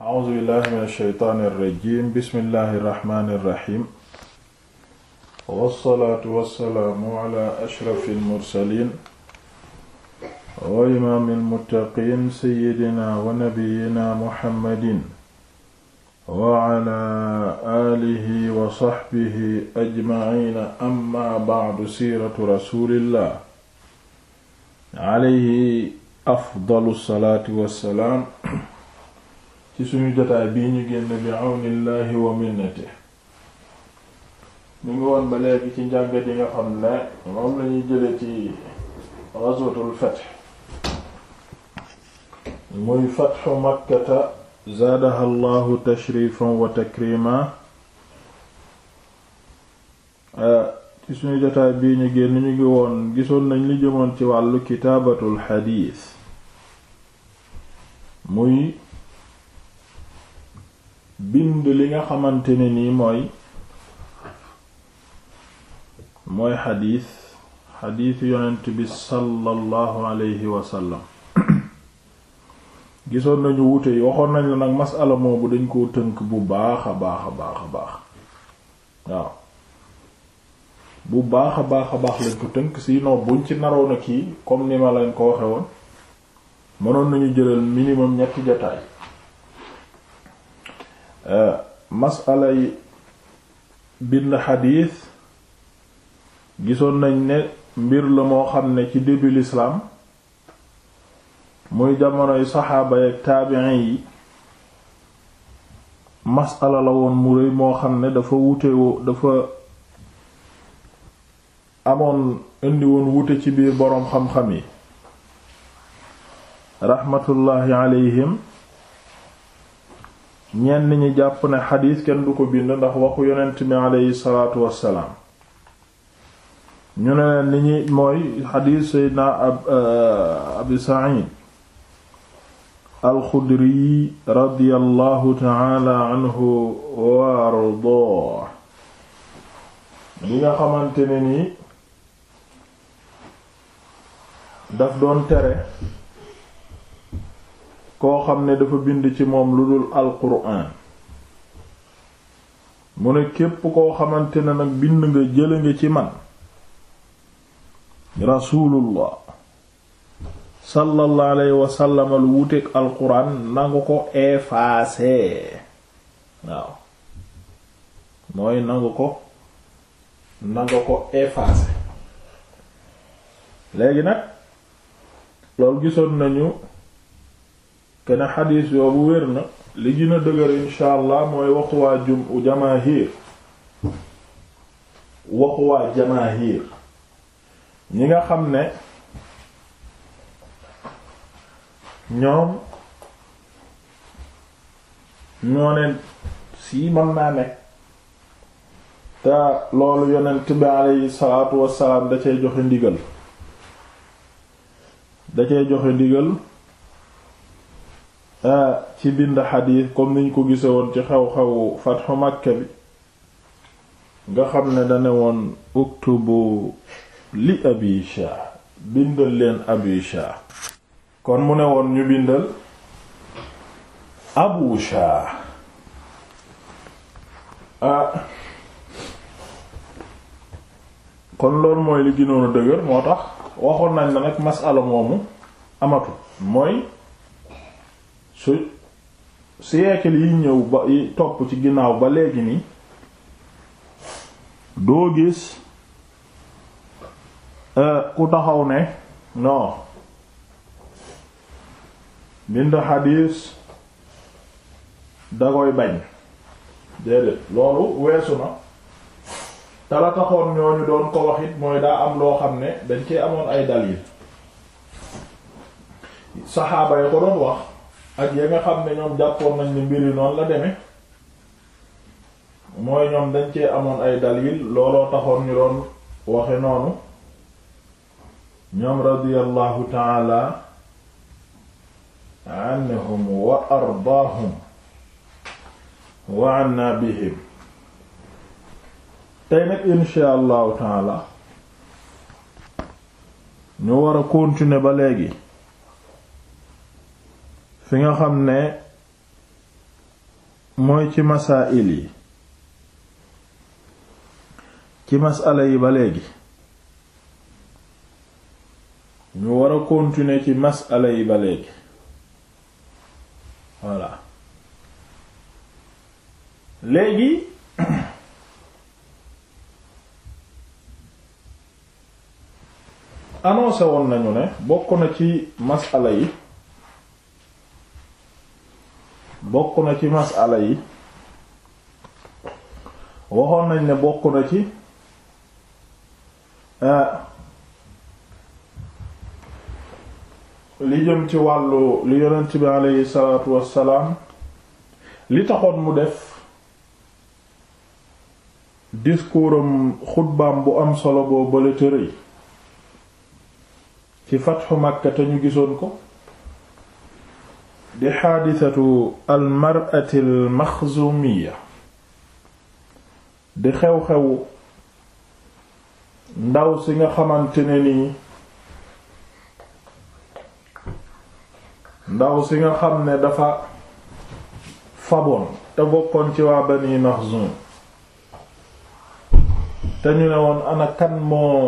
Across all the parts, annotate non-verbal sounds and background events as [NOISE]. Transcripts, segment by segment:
a'uuzu billahi min alsheytaani irrajim bismillahi irrahmani irrahim wassalaatu wassalaamu ala ashrafi almursalin wa imaami almuttaqiin seyidina wa nabiyina muhammadin wa ala aalihi wa saxbihi ajmaciina amma bacdu siiratu rasulillah alayhi afdalu salaati wassalaam ci suñu jotaay bii ñu génn bi àwnillaahi wa minnati ñu ngi woon ba léegi ci njàngat yi nga xam ne moom lañuy jële ci ghazwatul fath muy fathu makkata zaadaha allahu tashrifan wa takrima ci suñu jotaay bii ñu génn ñu ngi woon gisoon nañ li jëmoon ci wàllu kitaabatul xadiis muy bind li nga xamante ne nii mooy mooy xadiis xadiisu yonent bi sallallahu alayhi wasallam [COUGHS] gisoon nañu wuute waxoon nañ la nag masala moobu dañ koo tënk bu baax a baax a baax a baax waaw bu baax a baax a baax lañ ko tënk sinon buñ ci naroon a kii comme ni ma lañ ko waxe woon mënoon nañu jëlal minimum ñetti jotaay Euh, masala yi bind xadiis gisoon nañ ne mbir la moo xam ne ci début l'islam muy jamonoy saxaaba yak taabiin yi masala la woon mu rëy moo xam ne dafa wutewoo dafa amoon indi woon wute ci biir boroom xam-xam yi raxmatullaahi alayhim ñenn ñi jàpp ne xadiis kenn du ko bind ndax waxu yonent mi aleyhi salaatu wassalaam ñu ne leen li mooy xadiis seydna euh, abi sa'id alxudri radiyallahu taala anhu wa ardaa li nga xamante ne ni daf doon tere koo xam ne dafa bind ci moom lu dul alquran mu ne képp koo xamante ne nag bind nga jële nga ci man rasulullah sallallahu alayhi wasallam lu wuteeg nangu ko effacer waaw mooy nangu ko nangu ko effacer léegi nag loolu gisoon nañu kene xadiis yoobu wér na li gën a dëgër incha allah mooy waxu waa jum jamaahir waxu waa jamaahir ñi nga xam ne ñoom ñoo ne sii mën naa ne te loolu yonent bi aleyhi salaatu wassalaam da cay joxe ndigal da cay joxe ndigal Ah, ci bind xadiis comme niñ ko gise woon ci xew-xewu fatxu Makka bi nga xam ne dane woon uktubu li abi bindal leen abi kon mu ne woon ñu bindal abu sha ah, kon loolu mooy li gënoon dëgër moo tax waxoon nañ la nag masala moomu amatu mooy su siècle yi ñëw ba topp ci ginnaaw ba léegi nii doo gis euh, ku taxaw ne non bind xadiis da koy bañ déedéet loolu weesu na tala taxoon ñooñu doon ko wax mooy daa am loo xam ne dañ cee amoon ay dalil saxaaba yi ko doon wax ak ya nga xam ne ñoom jàppoon nañ ne mbir yi noonu la demee mooy ñoom dañ cee amoon ay dalil looloo taxoon ñu doon waxe noonu ñoom radiyallahu taala anhum wa ardaahum wa anna bihim tey nag insha allahu taala ñu war a continuer ba léegi fi nga xam ne mooy ci masaa'il yi ci masala yi ba léegi ñu war a continuer ci masala yi ba léegi voilà léegi annoncé woon nañu ne bokk na ci masala yi bokk na ci mas masala yi waxoon nañ ne bokk na ci euh, li jëm ci wàllu li yonent bi aleyhi salaatu wassalaam li taxoon mu def discours am xutbaam bu am solo boo bële tërëy ci fatxu Makka te ñu gisoon ko di xaadisatu almarati almaxzumiya di xew-xew ndaw si nga xamante nii ndaw si nga xam ne dafa faboon te bokkoon ci waa bani maxzum te ñu ne woon ana kan moo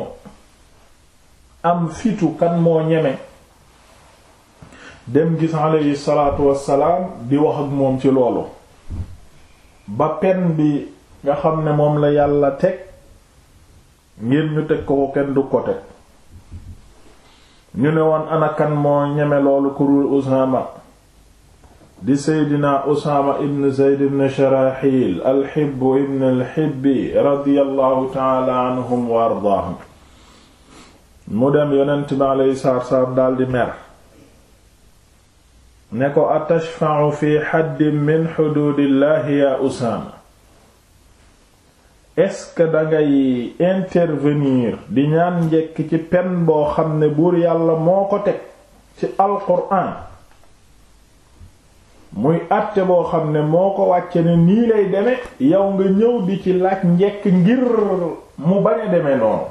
am fitu kan moo ñeme dem gis alayhi salaatu wassalaam di wax ak moom ci loolu ba pen bi nga xam ne moom la yàlla teg ngir ñu teg ko kenn du kote teg ñu ne woon anakan moo ñeme loolu kurul Usaama di seydina Usaama ibn Zayd ibn Sharaxil alxibbu ibn alxibbi radiyallahu taala anhum wa ardaahum mu dem yonent bi alayhi salaatu wassalaam daldi mer ne ko atashfa'u fi xaddin min xuduudillaahi yaa Usaama est dangay intervenir di ñaan njekk ci pen boo xam ne buur yàlla moo ko teg ci alquran muy àtte boo xam ne moo ko wàcce ne nii lay deme yow nga ñëw bi ci laaj njekk ngir mu bañ a deme noonu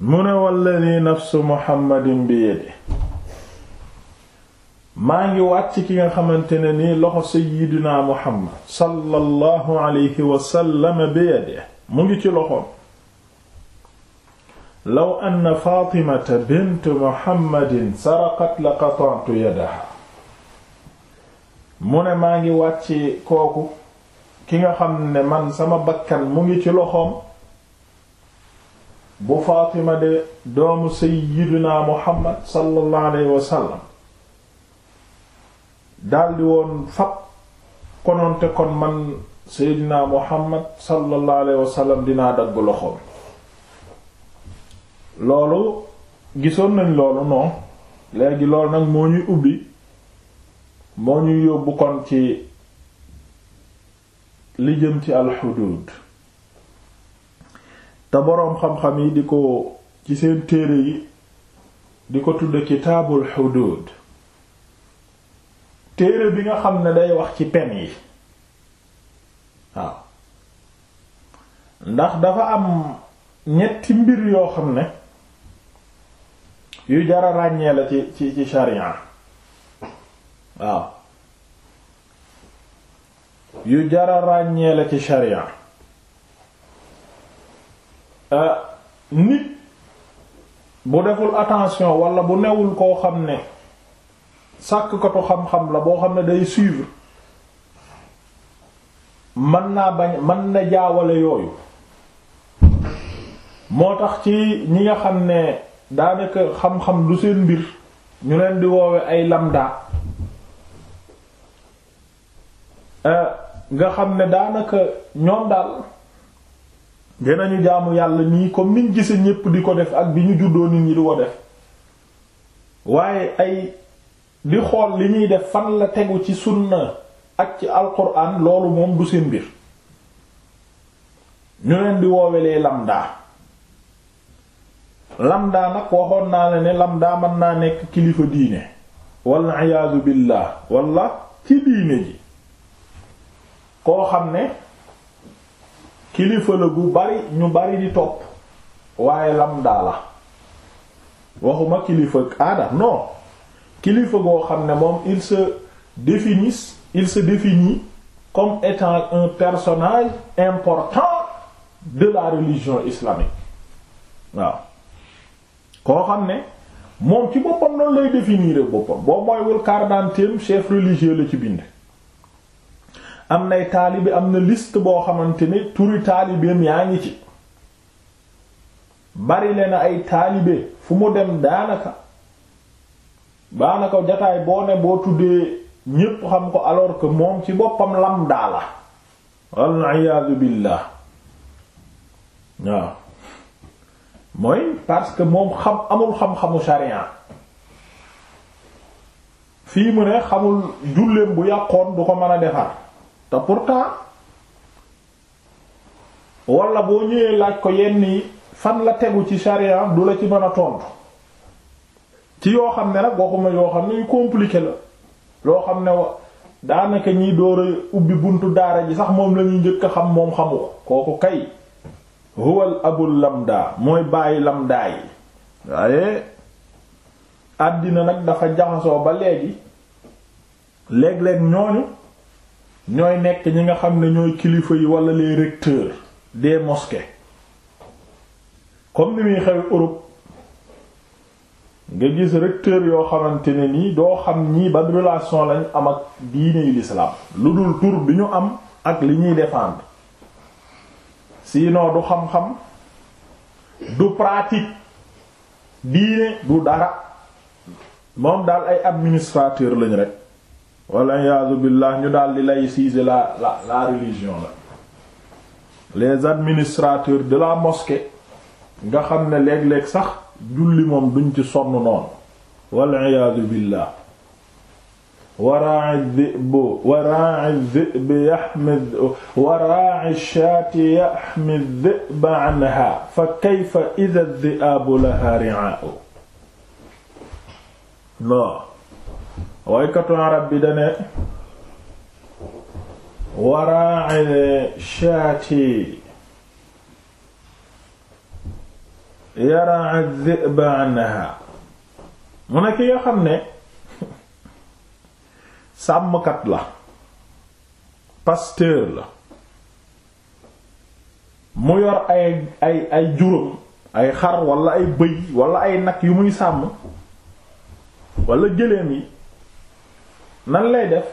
mu ne walladi nafsu muhammadin bi yadihi maa ngi wàcc ki nga xamante ne nii loxo sayyidina muhammad sallallahu alayhi wa sallam bi mu ngi ci loxoom law anna fatimata bint muhammadin saraqat la qata'tu yadaha mu ne maa ngi wàcc kooku ki nga xam ne man sama bakkan mu ngi ci loxoom bu fatima de doomu sayyidina muhammad sallallahu alayhi wa daldi woon fab kononte kon man seydinaa muhammad sallallahu alayhi wasallam dinaa dagg loxoom loolu gisoon nañ loolu non léegi loolu nag moo ñuy ubbi moo ñuy yóbbu kon ci li jëm ci alxuduud te boroom xam-xam yi di ko ci seen téere yi di ko tudde kitaabul xuduud téere bi nga xam ne day wax ci pen yi waaw ndax dafa am ñetti mbir yoo xam ne yu jara ràññee la ci ci ci sharia waaw yu jara ràññee la ci sharia euh, nit bu deful attention wala bu newul koo xam ne sàkkukatu xam-xam la boo xam ne day suivre mën naa bañ man na jaawale yooyu moo tax ci ñi nga xam ne daanaka xam-xam du seen mbir ñu leen di woowe ay lambda eh, nga xam ne daanaka ñoom daal dinañu jaamu yàlla nii comme niñ gise ñépp di ko def ak bi ñu juddoo nit ñi di ko def waaye ay di xool li ñuy def fan la tegu ci sunna ak ci alquran loolu moom du seen mbir ñu leen di woowelee lamda lamda nag waxoon naa la ne lamda mën naa nekk kilifa diine walla iyaadu billah walla ci diine ji koo xam ne kilifa la bu bari ñu bari di topp waaye lamda la waxuma kilifa aada non kilifa goo xam ne moom il se définit il se définit comme étant un personnage important de la religion islamique waaw koo xam ne moom ci boppam noonu lay définir boppam boo mooywul quarantième chef religieux la ci bind am nay taalibe am na liste boo xamante ni turi taalibeem yaa ngi ci bari leen ay taalibe fu mu dem daanaka baax na ko jataay boo ne boo tuddee ñépp xam ko alors que moom ci boppam lamdaa la wal iyaadu billah waaw mooy parce que moom xam amul xam-xamu sharia fii mu ne xamul julleem bu yàqoon du ko mën a defar te pourtant wala boo ñëwee laaj ko yenn yi fan la tegu ci sharia du la ci mën a tontu ci yoo xam ne nag waxuma yoo xam ne yu compliqué la loo xam ne wa daanaka ñiy door a ubbi buntu daara ji sax moom lañuy njëkk a xam moom xamu ko kooku kay huwal abul lamda mooy bàyyi lamda yi waaye àddina nag dafa jaxasoo ba léegi léeg leen ñooñu ñooy nekk ñi nga xam ne ñooy kilifa yi wala les recteurs des mosquées comme ni muy xew Europe nga gis recteur yoo xamante ne nii doo xam ñii ban relation lañ am ak diine l'islam lu dul tur bi ñu am ak li ñuy défendre sinon du xam-xam du pratique diine du dara moom daal ay administrateur lañ rek walla iyaazu billah ñu daal di laïciser la la la religion la les administrateurs de la mosquée nga xam ne léeg-léeg sax julli moom duñ ci sonn noonu waliyaadu billah waraa'i dhi'bu waraa'i dhi'bi yahmi waraa'i shaati yahmi dhi'ba anha fa kayfa idha dhi'aabu laha ri'aa'u non waykatu arab bi dane waraa'i shaati yara adh-dhi'ba anha mu ne ki nga xam ne [LAUGHS] sàmmkat la pasteur la mu yor ay ay ay juróom ay xar wala ay bëy wala ay nag yu muy sàmm walla gëléem yi nan lay def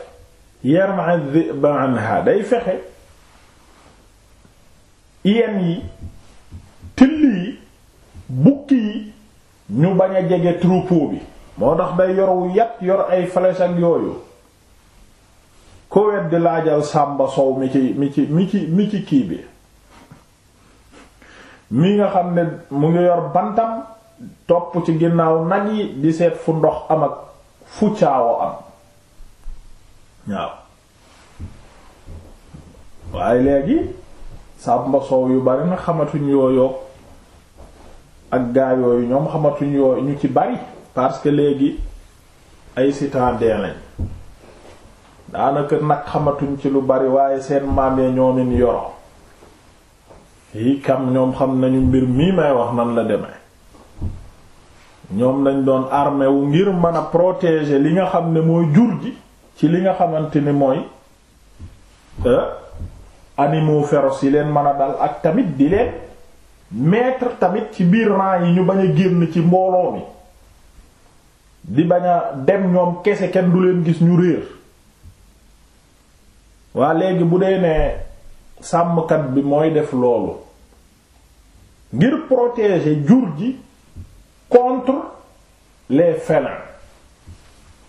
yarma adh-dhi'ba anha day fexe yen yi till yi bukki yi ñu bañ a jege troupeau bi moo tax day yoru yat yor ay flèche ak yooyu ku wedd laajal sàmba sow mi ci mi ci mi ci kii bi mi nga xam ne mu ngi yor bantam topp ci ginnaaw nag yi di seet fu ndox am ak fu caawo am waaw waaye léegi sàmba sow yu bari na xamatuñ yooyu ak gaa yooyu ñoom xamatuñ yooyu ñu ci bari parce que léegi ay citadins lañ daanaka nag xamatuñ ci lu bari waaye seen maam ya ñoo leen yoro yi kam ñoom xam nañu mbir mii may wax nan la demee ñoom lañ doon armé wu ngir mën a protéger li nga xam ne mooy jur gi ci li nga xamante ni mooy eh, animaux féroces yi leen mën a dal ak tamit di leen mettre tamit ci biir rang yi ñu bañ a génn ci mbooloo mi di baña dem ñoom kese kenn du leen gis ñu réer waa léegi bu dee ne sàmmkat bi mooy def loolu ngir protéger jur ji contre les félins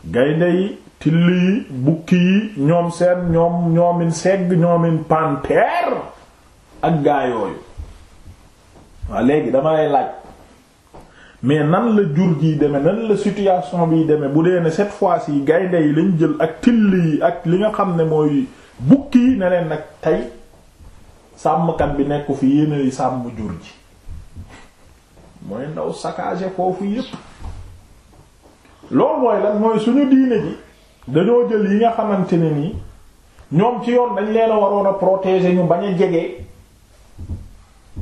gaynde yi till yi bukki yi ñoom seen ñoom ñoomin segg ñoomin panthère ak gaayooyu waa léegi dama lay laaj mais nan la jur ji demee nan la situation biy demee bu dee ne cette fois-ci gaynde yi lañ jël ak till yi ak li nga xam ne mooy bukki yi ne leen nag tey sàmmkat bi nekku fi yéenay sàmm jur ji mooy ndaw saccagé foofu yépp loolu mooy lan mooy suñu diine ji dañoo jël yi nga xamante ne nii ñoom ci yoon dañ leen a waroon a protéger ñu bañ a jege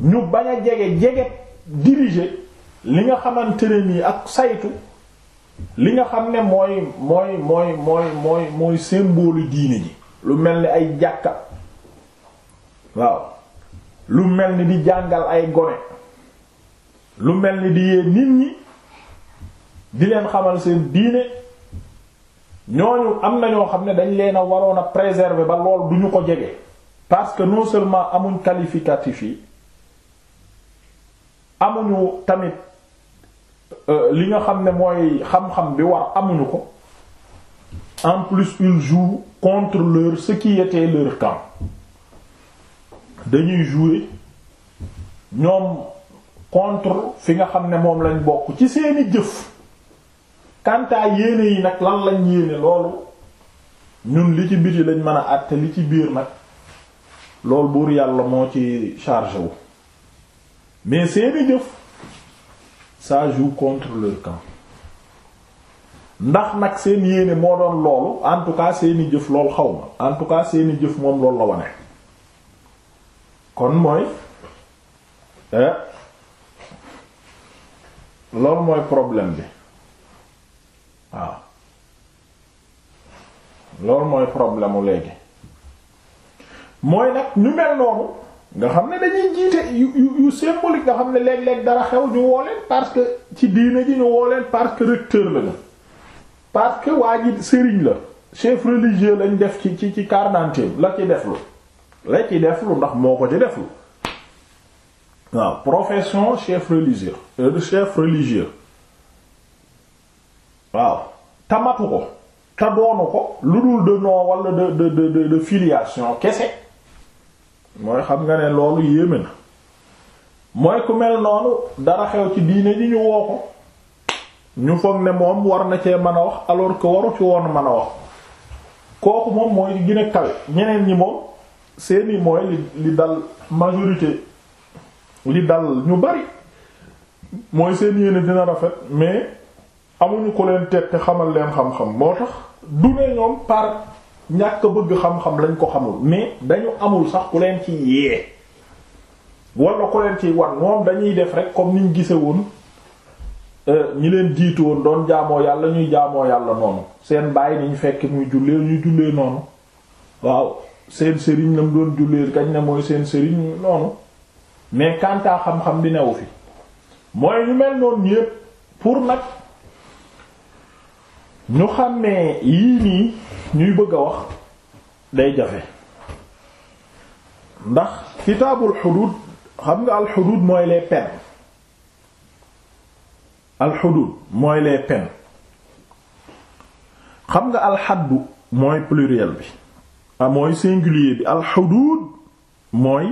ñu bañ a jege jege diriger li nga xamante ne nii ak saytu li nga xam ne mooy mooy mooy mooy mooy mooy symbole diine ji lu mel ni ay jàkka waaw lu mel ni di jàngal ay gone lu mel ni di yee nit ñi di leen xamal seen diine ñooñu am na ñoo xam ne dañ leen a waroon a préserver ba lool du ñu ko jege parce que non seulement amuñ qualificatif yi amuñu tamit euh, li nga xam ne mooy xam-xam bi war amuñu ko en plus ils jouent contre leur ce qui était leur camp dañuy jouer ñoom contre fi nga xam ne moom lañ bokk ci seeni jëf kantaa yéene yi nag lan lañ yéene loolu ñun li ci biti lañ mën a àtte li ci biir nag loolu buur yàlla moo ci chargé wu mais seeni jëf ça jour contre leur camp ndax nag seen yéene moo doon loolu en tout cas seeni jëf lool xaw ma en tout cas seeni jëf moom loolu la wane kon mooy eh, loolu mooy problème bi waaw loolu mooy problème mu léegi mooy nag ñu mel noonu nga xam ne dañuy jiite yu yu symbolique nga xam ne léeg-léeg dara xew ñu woo leen parce que ci diine ji ñu woo leen parce que recteur la parce que waa ji sëriñ la chef religieux lañ def ci ci ci quarantaine la ci def lu la ci def lu ndax moo ko ci def lu waaw profession chef religieux euh, chef religieux waaw tamatu ko te doonu ko lu dul de nom wala de de de de filiation kese. mooy xam nga ne loolu yéeme na mooy ku mel noonu dara xew ci diine ji ñu woo ko ñu foog ne moom war na cee man a wax alors que waru ci woon mën a wax kooku moom mooy gën a kawe ñeneen ñi moom seeni mooy li dal majorité li dal ñu bari mooy seen yéene dina rafet mais amuñu ko leen teg te xamal leen xam-xam moo tax du ne ñoom par ñàkk bëgg xam-xam lañ ko xamul mais dañu amul sax ku leen ci yee wala ku leen ci wan moom dañuy def rek comme niñ gise woon euh, ñi leen jiitu woon doon jaamoo yàlla ñuy jaamoo yàlla noonu seen bàyyi niñ fekk muy jullee ñuy jullee noonu waaw seen sëriñ la mu doon jullee kañ ne mooy seen sëriñ noonu mais kantaa xam-xam bi newu fi mooy ñu mel noonu ñépp pour nag ñu xàmmee yii nii ñuy bëgg a wax day jafe ndax kitaabul xuduud xam nga alxuduud mooy les peines xam nga alxaddu mooy pluriel bi a ah, mooy singulier bi alxuduud mooy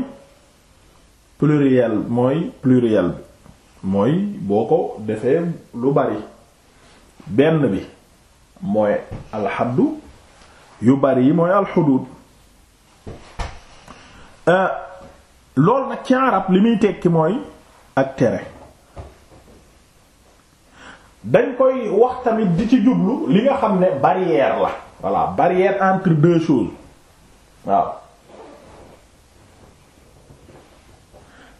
pluriel mooy pluriel bi mooy boo ko defee lu bari benn bi mooy alxaddu yu bari yi mooy alxuduud euh, loolu nag ci arab li muy tekki mooy ak tere dañ koy wax tamit di ci jublu li nga xam ne barrière la voilà barrière entre deux choses waaw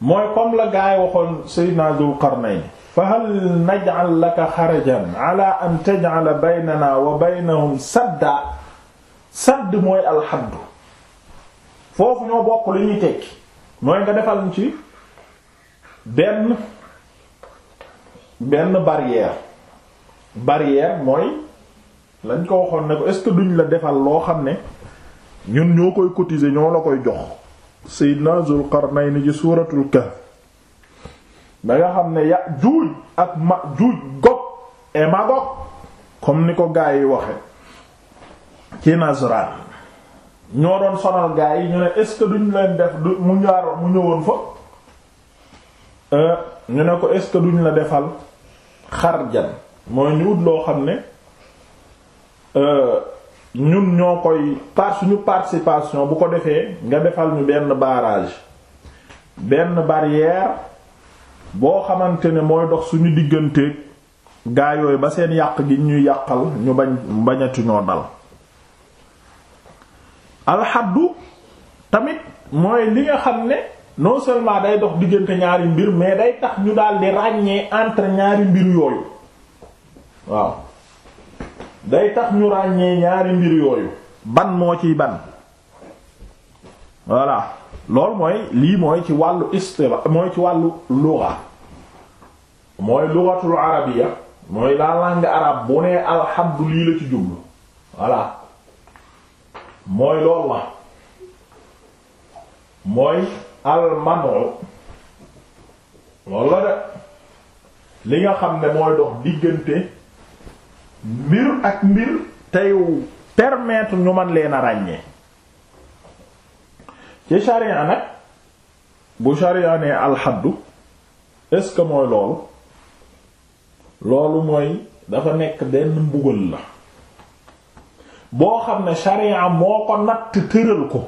mooy comme la gaay waxoon Seydina Dul Qarnayn fa hal naj'al laka xarajan ala an taj'ala baynana wa baynahum sadda sàdd mooy alxaddu foofu ñoo bokk li ñuy tekki mooy nga defal ñu ci benn benn barrière barrière mooy lañ ko waxoon ne ko est que duñ la defal loo xam ne ñun ñoo koy cotiser ñoo la koy jox sayyidna Zul Qarnayn suuratul Kahf ba nga xam ne ya juuj ak ma juuj gog et magog comme ni ko gaa yi waxe ci Nasraan ñoo doon sonal gaa yi ñu ne est-ce duñ leen def du mu ñaar mu ñëwoon fa euh, ñu ne ko est duñ la defal xarjan mooy ñu ut loo xam ne euh, ñun ñoo koy par suñu participation bu ko defee nga defal ñu benn barrage benn barrière boo xamante ne mooy dox suñu diggante gaa yooyu ba seen yàq gi ñuy yàqal ñu bañ bañatuñoo dal alxaddu tamit mooy li nga xam ne non seulement day dox diggante ñaari mbir mais day tax ñu daal di ràññee entre ñaari mbir yooyu waaw day tax ñu ràññee ñaari mbir yooyu ban moo ciy ban voilà lool mooy lii mooy ci wàllu istilah mooy ci wàllu lugha mooy lughatul arabiyya mooy la langue arabe bu nee alhamdu lii la ci jublu voilà mooy loolu la mooy almanu loolu la de li nga xam ne mooy dox diggante mbir ak mbir tey permettre ñu man leen a ràññee ci sharia nag bu sharia ne alxaddu est-ce que mooy loolu loolu mooy dafa nekk benn mbugal la boo xam ne sharia moo ko natt tëral ko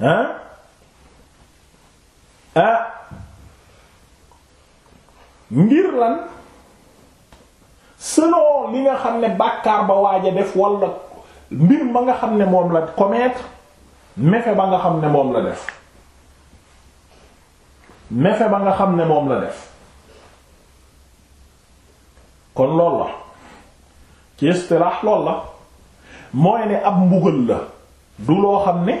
hein ah ngir lan selon li nga xam ne bàkkaar ba waaja def walla mbir ma nga xam ne moom la commettre mefe ba nga xam ne moom la def mefe ba nga xam ne moom la def kon lool la ci istilaax lool la mooy ne ab mbugal la du loo xam ne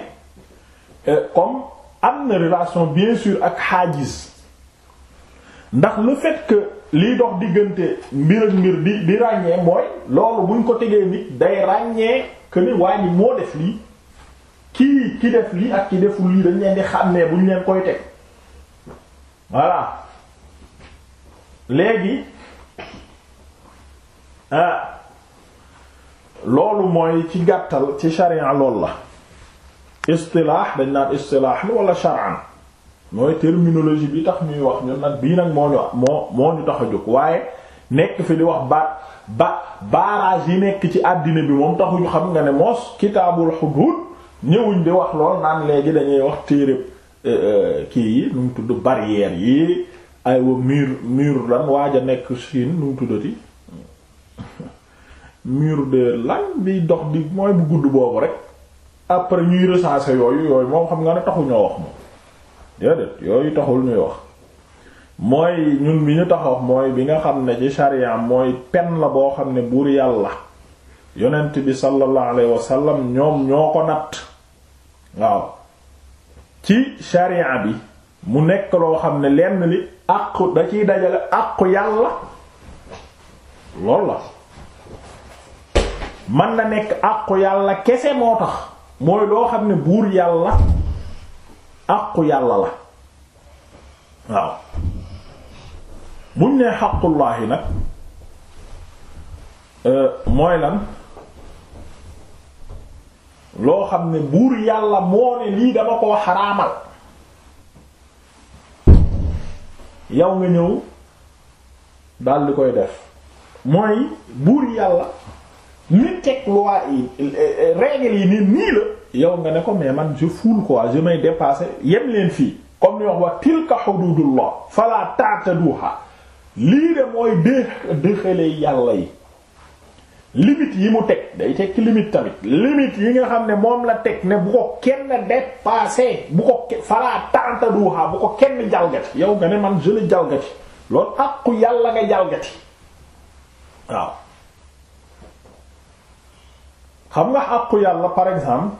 eh, comme am na relation bien sûr ak xaajis ndax lu fait que liy dox diggante mbir mbir di di ràññee mooy loolu buñ ko tegee nit day ràññee que ni waa ñi moo def lii kii ki def lii ak ki deful lii dañ leen di xàmmee bu ñu leen koy teg voilà léegi ah, loolu mooy ci gàttal ci sharia lool la istilaax dañ naan istilaax la wala sharan mooy terminologie bi tax muy wax ñun nag bii nag moo ñu moo moo ñu tax a jóg waaye nekk fi di wax ba ba barrage yi nekk ci àddina bi moom taxuñu xam nga ne moos kitaabul xuduud ñëwuñ di wax lool naan léegi dañuy wax téere eh, eh, kii yi nu mu tudd barrière yi aywa miir mur lan waaj nekk Chine nu mu tuddati [LAUGHS] mur de lan bi dox di mooy bu gudd boobu rek après ñuy recenser yooyu yooyu moom xam nga ne taxu wax moom déedéet yooyu taxul ñuy wax mooy ñun bi ñu tax wax mooy bi nga xam ne ci sharia mooy pen la boo xam ne buur yàlla yonent bi sallallahu alayhi wasallam ñoom ñoo ko natt waaw ci sharia bi mu nekk loo xam ne lenn li àqu da ciy dajale àqu yàlla lool la mën na nekk àqu yàlla kese moo tax mooy loo xam ne buur yàlla àqu yàlla la waaw buñ nee xaqullaahi nag euh, mooy lan loo xam ne buur yàlla moo ne lii dama koo xaraamal yow nga ñëw dal di koy def mooy buur yàlla mi teg loi yi règle yi ne nii la yow nga ne ko mais man je foule quoi je may dépasser yem leen fii comme ni wax wa tilka hududullah fala ta'taduha lii de mooy dé dëxale yàlla yi limite yi mu teg day teg ci tamit limite yi nga xam ne moom la teg ne bu ko kenn dépassé bu ko falaa tànta duuxaa bu ko kenn jalgati yow nga ne man jële jalgati lool àqu yàlla nga jalgati waaw xam nga àqu yàlla par exemple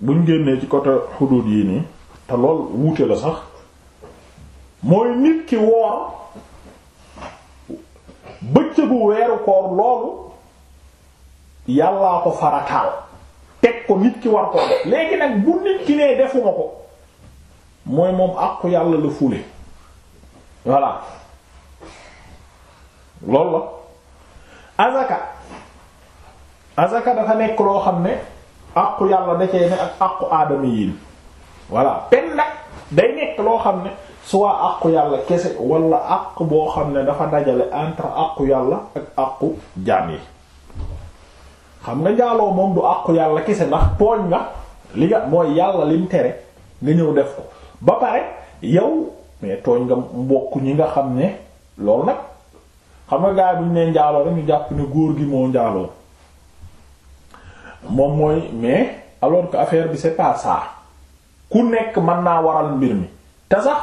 buñ génnee ci côté xuduut yi nii te lool wuute la sax mooy nit ki woor bëccëgu weeru koor loolu yàllaa ko farataal teg ko nit ki war koo def léegi nag bu nit ki nee defuma ko mooy moom àqu yàlla la fule voilà loolu la azaka azaka dafa nekk loo xam ne àqu yàlla da cee ne ak àqu aadama yi voilà pen nag day nekk loo xam ne soit àqu yàlla kese wala àq boo xam ne dafa dajale entre àqu yàlla ak àqu jaam yi xam nga njaaloo moom du àqu yàlla kese ndax tooñ nga li nga mooy yàlla lim tere nga ñëw def ko ba pare yow mais tooñ nga mbokk ñi nga xam ne loolu nag xam nga gaa bu ñu nee njaaloo rek ñu jàpp ne góor gi moo njaaloo moom mooy mais alors que affaire bi c'est pas ku nekk mën naa waral mbir mi te sax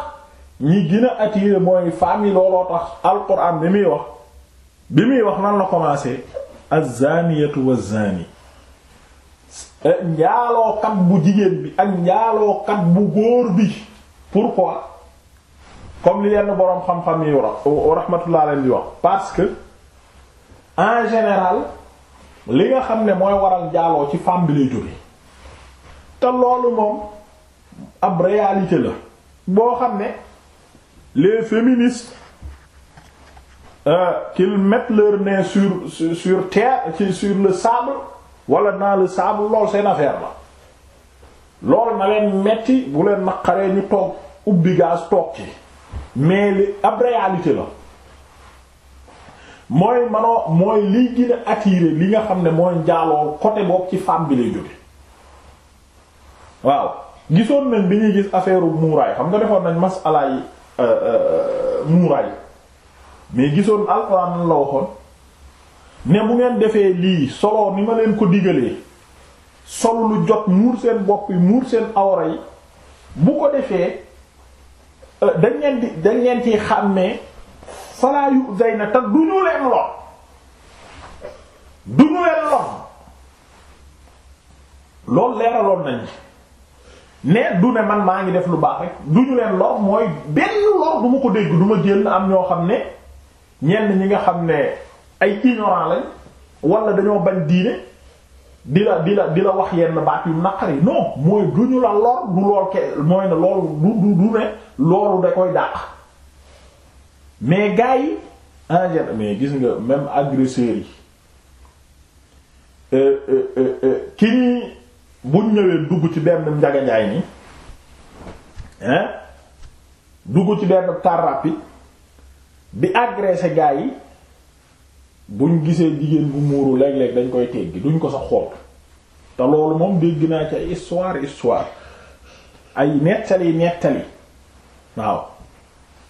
ñi gën a attiré mooy famille looloo tax alxuraan bi muy wax bi muy wax nan la commencé az-zaaniyatu waz-zaani njaalookat bu jigéen bi ak njaalookat bu góor bi pourquoi comme li yenn boroom xam-xam yi wax rahmatullah leen di wax parce que en général li nga xam ne mooy waral njaaloo ci femme bi lay jóge te loolu moom ab réalité la boo xam ne les féministes Euh, qu'ils mettent leur nez sur sur terre sur le sable wala dans le sable lool seen affaire la loolu na leen metti bu leen naqaree ñu toog ubbi gaz toog ci mais li ab réalité la mooy manoo mooy liy gën a li nga xam ne mooy njaaloo côté boobu ci femme bi lay jóge waaw gisoon nañ bi ñuy gis affaire muuraay xam nga defoon nañ masalaay euh, euh, muuraay mais gisoon alxuraan nan la waxoon ne bu ngeen defee lii solo ni ma leen ko diggalee sol lu jot muur seen bopp yi muur seen awra yi bu ko defee euh, dañ di dañ leen ciy xàmmee falaa yu day na te du ñu leen lor du ñu leen lor loolu leeraloon nañ ne du ne man maa ngi def lu baax rek du ñu leen lor mooy benn lor du ma ko dégg du ma jël am ñoo xam ne ñenn ñi nga xam ne ay ignorant lañ walla dañoo bañ diine di la di la di la wax yenn baat yu naqari non mooy du ñu la lor du lool ke mooy ne loolu du du ne loolu da koy dàq mais gars yi en mais gis nga même agresseurs yi euh, euh, euh, ki nii buñ ñëwee dugg ci benn njaganjaay nii hein dugg ci benn car rapide bi agressé gaa yi buñ gisee jigéen bu muuru léeg-léeg dañ koy teggi duñ ko sax xool te loolu moom dégg naa ci histoire histoire ay nettali nettali waaw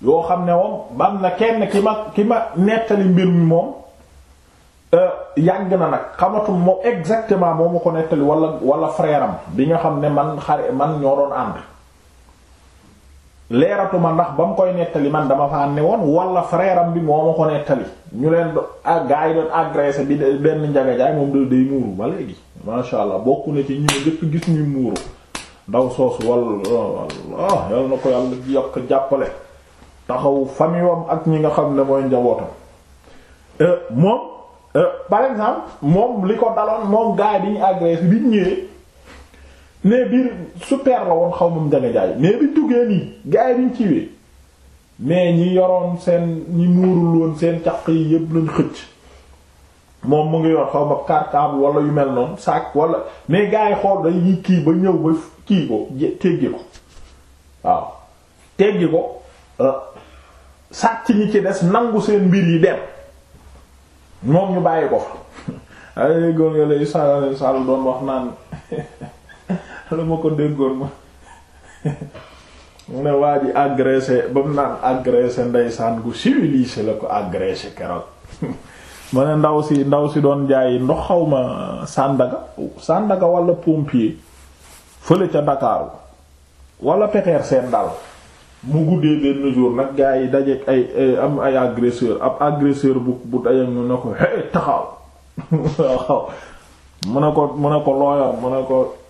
yoo xam ne moom bam na kenn ki ma ki ma nettali mbir mi moom euh, yàgg na nag xamatum moom exactement moo ma ko nettali wala wala freeram bi nga xam ne man xare man ñoo doon ànd leeratuma ndax ba mu koy nettali man dama fa ne woon wala frère bi moo ma ko nettali ñu leen do gaa doon agressé bi benn njaga jaay moom da day muuru ba léegi masha allah bokk na ci ñu njëkk gis ñuy muuru ndaw soosu walla yal na ko yàlla yokk jàppale taxaw famiyom ak ñi nga xam ne mooy njabootam euh, moom euh, par exemple moom li ko daloon moom gaa yi bi ñu agressé bi ñëwee mais biir super la woon xaw ma mu dana jaay mais bi duggee nii gars yi biñ ciwee mais ñi yoroon seen ñi muurul woon seen caq yi yëpp lañ xëcc moom mu ngi yor xaw ma cartable wala yu mel noonu sac wala mais gars yi xool dañuy kii ba ñëw ba kii ko teggi ko waaw teggi ko euh, sàcc ñi ci des nangu seen mbir yi dem moom ñu bàyyi ko fa [LAUGHS] ay góor nga lay sall doon wax naan [LAUGHS] la ma ko déggoon ma mu ne waa ji agressé ba mu naan agressé ndeysaan gu civilisé la ko agressé keroog mu ne ndaw si ndaw si doon jaay ndox xaw ma Sandaga Sandaga wala pompier fële ca Ndakaaru wala pexeer seen dal mu guddee benn jour nag gaa yi daje ay am ay agresseur ab agresseur bu bu daje mu ne ko hé taxaw [LAUGHS] mu ne ko mu ne ko looyal mu ne ko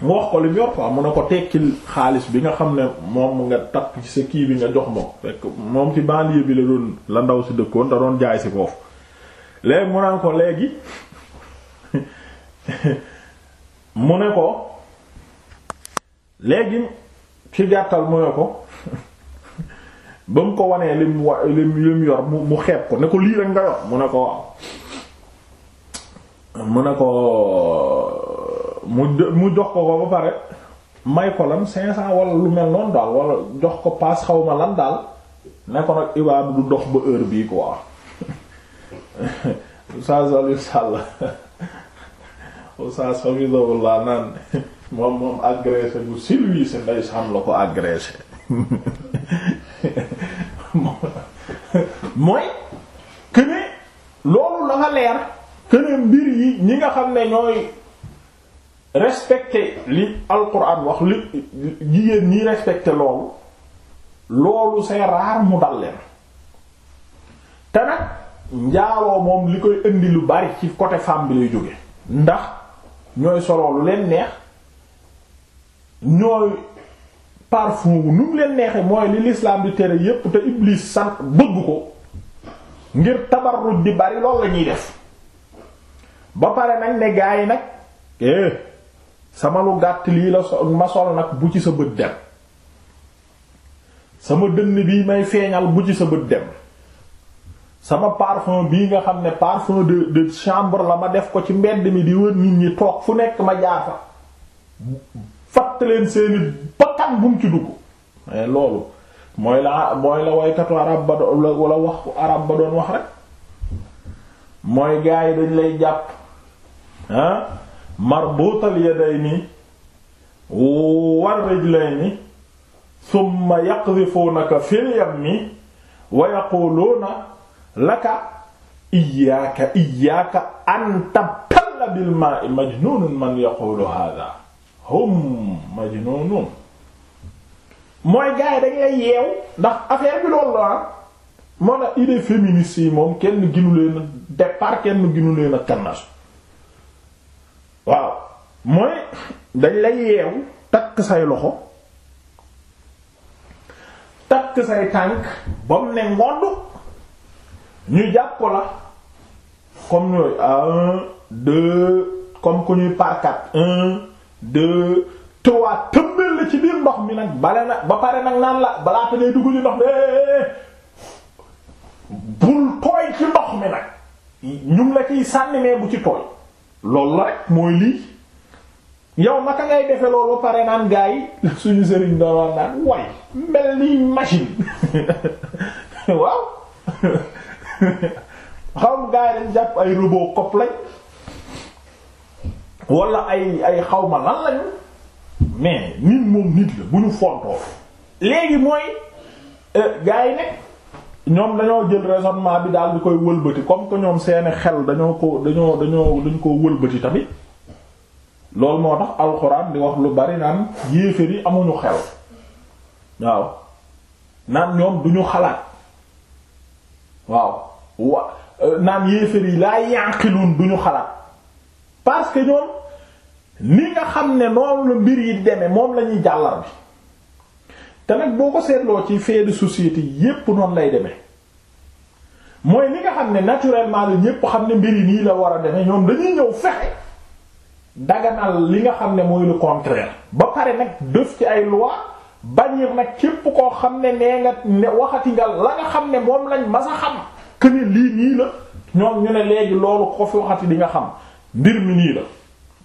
mu wax ko li mu yor quoi mu ne ko tekkil xaalis bi nga xam ne moom nga takk ci sa kii bi nga jox ma ko si moom ci banlieue la doon la ndaw si dëkkoon da doon jaay si foofu léegi mu ko léegi [LAUGHS] ne ko léegi ci gàttal mu ne ko [LAUGHS] ba mu ko wanee lim wa lim lim yor mu mu xeeb ko ne ko lii rek nga yor mu ne ko mu ne ko mu mu jox ko ko ba pare may ko lan 500 walla lu mel noonu daal wala jox ko paas xaw ma lan daal ne ko nag ibaadu du dox ba heure bii quoi [LAUGHS] Oustaz Alioune Sall [LAUGHS] Oustaz hafizahullah naan moom moom agressé bu silvissé nday sàmm la ko agressé [LAUGHS] mooy que ne loolu la leer que mbir yi ñi nga xam ne ñooy. respecté li alquran wax li jigéen ñi respecté loolu loolu c'est rare mu dal leen te nag njaaloo moom li koy indi lu bari ci côté femme bi lay jóge ndax ñooy solo lu leen neex ñooy parfum wu nu mu leen neexee mooy li l'islam di tere yépp te Iblis sant bëgg ko ngir tabarruj di bari loolu la def ba pare nag ne gaa yi nag eh, sama lu gàtt lii la so ma sol nag bu ci sa bët dem sama dënn bii may feeñal bu ci sa bët dem sama parfum bii nga xam ne parfum de de chambre la ma def ko ci mbedd mi di wër nit ñi toog fu nekk ma jaar fa fatt leen seeni bakkan bu mu ci dugg mais eh, loolu mooy la mooy la waykatu arab ba doon wala wax arab ba doon wax rek mooy gaa dañ lay jàpp marbuutal yadayni war rijlayni summa yaqdhifunaka fil yammi wa yaquluuna laka iyyaaka iyyaaka an tabtalla bil maa'i majnuunun man yaqulu haadha hum majnuunun mooy gars yi yeew ndax affaire bi loolu ah. moo la idée féministe yi moom kenn ginu leen départ kenn ginu leen a kannasu waaw mooy dañ lay yeewu takk say loxo takk say tànk ba mu ne ngodd ñu jàpp la comme ñooyu ku ñuy par quatre trois tëmbal la ci biir ndox mi nag bale na ba pare nag naan la balaa te ngay dugg ci ndox mi eh, bul tooy ci ndox mi nag ñu la ciy sànni mais bu ci tooy loolu la rek mooy lii yow naka ngay defe loolu ba pare naan gaa yi [LAUGHS] suñu sëriñ doon naan way mel ni machine [LAUGHS] waaw [LAUGHS] xawm gaa yi dañ jàpp ay robot cop lañ wala ay ay xawma lan lañu mais nit moom nit la bu ñu fontoo léegi mooy euh, gaa yi ne ñoom dañoo jël raisonnement bi daal di koy wëlbati comme que ñoom seeni xel dañoo ko dañoo dañoo dañ ko wëlbati tamit loolu moo tax alxuraan di wax lu bari naan yéeféer yi amuñu xel waaw naan ñoom duñu xalaat waaw wa naan yéeféer yi laa yànqiluun duñu xalaat parce que ñoom ni nga xam ne noonu la mbir yi deme moom lañuy jàllar te nag boo ko seetloo ci fait de société yépp noonu lay demee mooy li nga xam ne naturellement la ñépp xam ne mbiri nii la war a demee ñoom dañuy ñëw fexe daganal li nga xam ne mooy le contraire ba pare nag dëf ci ay loi bañir nag képp koo xam ne nee nga ne waxati nga la nga xam ne moom lañ mas a xam que ne lii nii la ñoom ñu ne léegi loolu ko fi waxati di nga xam mbir mi nii la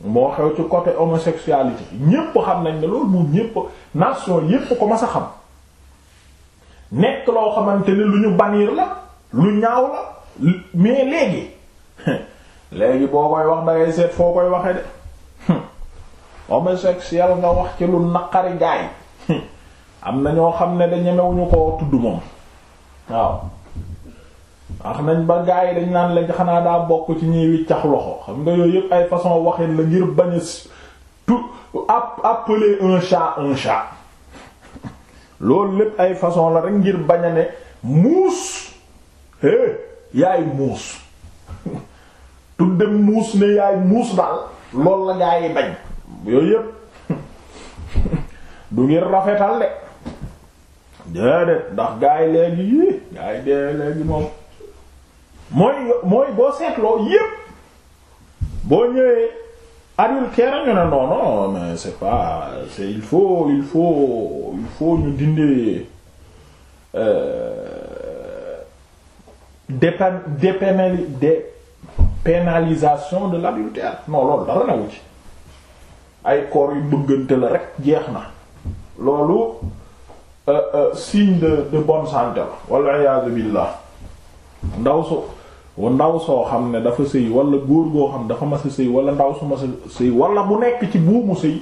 moo xew ci côté homosexualité ñépp xam nañ ne loolu moom ñépp nation yépp ko ma sa xam nekk loo xamante ni lu ñu baniir la lu ñaaw la mais léegi [LAUGHS] léegi boo koy wax dangay seet foo koy waxe de [LAUGHS] homosexuel nga wax ci lu naqari gaay [LAUGHS] am na ñoo xam ne da ñemewuñu ko tudd moom waaw wax nañ ba gars yi dañ naan la xanaa daa bokk ci ñuy wiccax loxo xam nga yooyu yëpp ay façon waxin la ngir bañ a tout appeler un chat un chat [LAUGHS] loolu lépp ay façon la rek ngir bañ a ne muus eh yaay muus [LAUGHS] tudde muus ne yaay muus daal loolu la gars yi bañ yooyu yëpp [LAUGHS] du ngir rafetal de déedéet ndax gars léegi yii gars dee léegi moom. mooy mooy boo seetloo yépp boo ñëwee adultère ñu ne non mais c'est pas c'est il faut il faut il faut ñu dindi euh, dépen dépénali dépénalisation de l'adultère non loolu dara newu ci ay corps yu bëggante la rek jeex na loolu euh, euh, signe de de bonne santé la walla iyaazu billah ndaw su wa ndaw soo xam ne dafa sëy wala góor goo xam dafa mas a sëy wala ndaw su mas a sëy wala bu nekk ci buumu sëy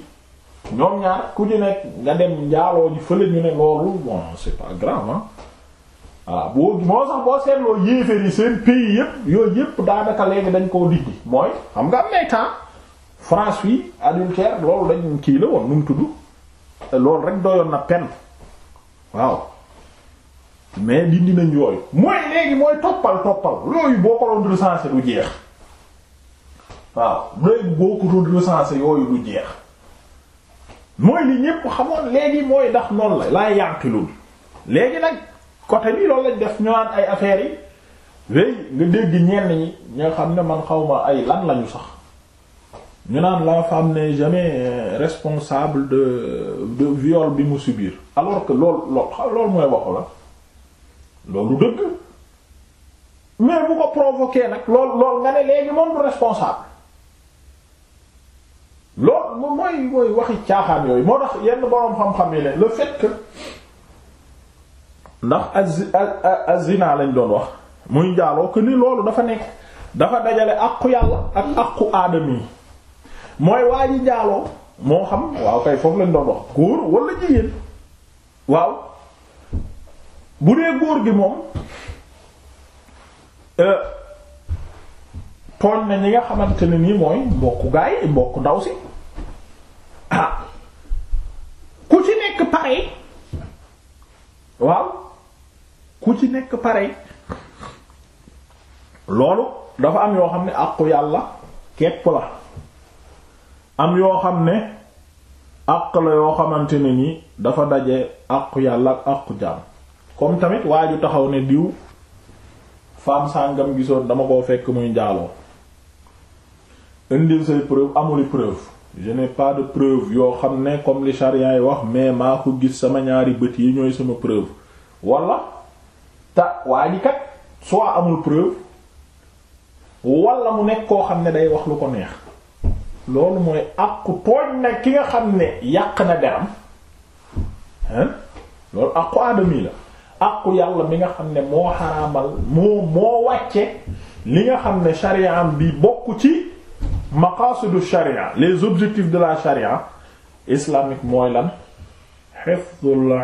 ñoom ñaar ku ñu nekk nga dem njaaloo ji fële ñu ne loolu bon c'est pas grave ah voilà moo sax boo seetloo yéeféer yi seen pays yëpp yooyu yëpp daanaka léegi dañ koo dijji mooy xam nga am nay temps France fii adultère loolu dañ kii la woon nu mu tudd loolu rek doyoon na peine waaw mais dindi nañ yooyu mooy léegi mooy toppal toppal yooyu boo ko doon du jeex waaw léegi boo ko doon recenser yooyu du jeex mooy li ñépp xamoon léegi mooy ndax noonu la laa yàqilul léegi nag côté bi loolu lañ def ñu naan ay affaires yi wéy nga dégg ñenn ñi ñoo xam ne man xawma ay lan lañu sax ñu naan la femme n'est jamais responsable de de viol bi mu subir alors que lool lool loolu mooy waxu la loolu dëgg mais bu ko provoqué nag lool lool nga ne léegi moom du responsable lool mooy mooy waxi caaxaan yooyu moo tax yenn boroom xam-xam yi ne le fait que ndax azina lañ doon wax muy njaaloo que ni loolu dafa nekk dafa dajale àqu yàlla ak àqu aadama yi mooy waa ji njaaloo moo xam waaw kay foofu lañ doon wax góor wala jigéen waaw bu dee góor gi moom euh, ton na ñi nga xamante ne nii mooy mbokku gaay mbokku ndaw si ah ku ci nekk pare waaw ku ci nekk pare loolu dafa am yoo xam ne àqu yàlla kepp la am yoo xam ne àq la yoo xamante ne nii dafa daje àqu yàlla ak àqu jaam comme tamit waa ju taxaw ne diw femme sàngam gisoon dama koo fekk muy njaaloo indil say preuve amuli preuve je n'ai pas de preuve yoo xam ne comme li charia yi wax mais maa ko gis sama ñaari bët yi ñooy sama preuve wala ta waa ji kat soit amul preuve wala mu nekk koo xam ne day wax lu ko neex loolu mooy àqu tooñ na ki nga xam ne yàq na deram hein loolu àqu aadami la àqu yàlla mi nga xam ne moo xaraamal moo moo wàcce li nga xam ne chariaam bi bokk ci maqasidu sharia les objectifs de la sharia islamique mooy lan hifdul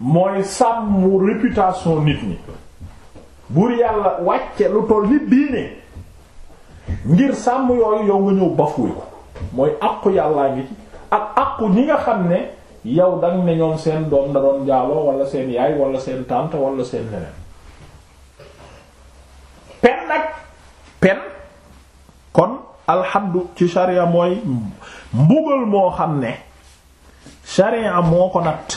mooy sàmm réputation nit ñi buur yàlla wàcce lu toll nit diine ngir sàmm yooyu yow nga ñëw bafuwe mooy àqu yàllaa ngi ak àqu ñi nga xam ne yow dang ne ñoom seen doom da doon jaaloo wala seen yaay wala seen tànt walla seen leneen pen nag pen kon alxaddu ci sharia mooy mbugal moo xam ne sharia moo ko natt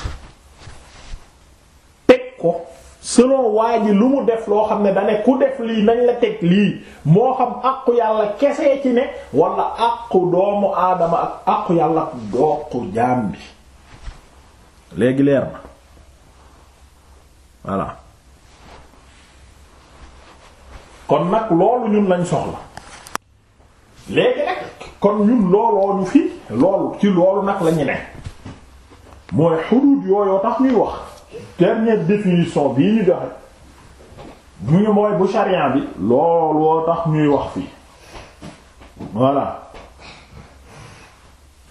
teg ko selon waa ji lu mu def loo xam ne da ne ku def lii nañ la teg lii moo xam àqu yàlla kesee ci ne wala àqu doomu aadama ak àqu yàlla ak doqu bi léegi leer na voilà kon nag loolu ñun lañ soxla léegi nag kon ñun looloo ñu fi loolu ci loolu nag lañu ne mooy xuduud yooyu tax ñuy wax dernière définition bii ñu joxe mu ñu mooy bu charian bi looloo tax ñuy wax fii voilà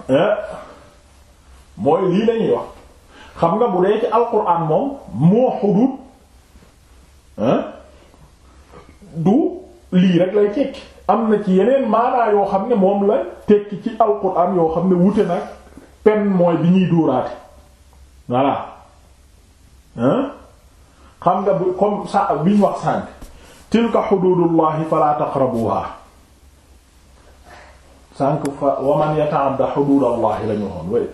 eh, mooy lii lañuy wax xam nga bu dee ci alquran moom moo xudud du lii rek lay tekki am na ci yeneen maanaa yoo xam ne moom la tekki ci alquran yoo xam ne wute nag pen mooy bi ñuy duuraate voilà xam nga bu comme sa bi ñu wax sànk tilka xududullahi fala taqrabuha sànk fa wa man yata'adda xududallahi la ñu waxoon waaye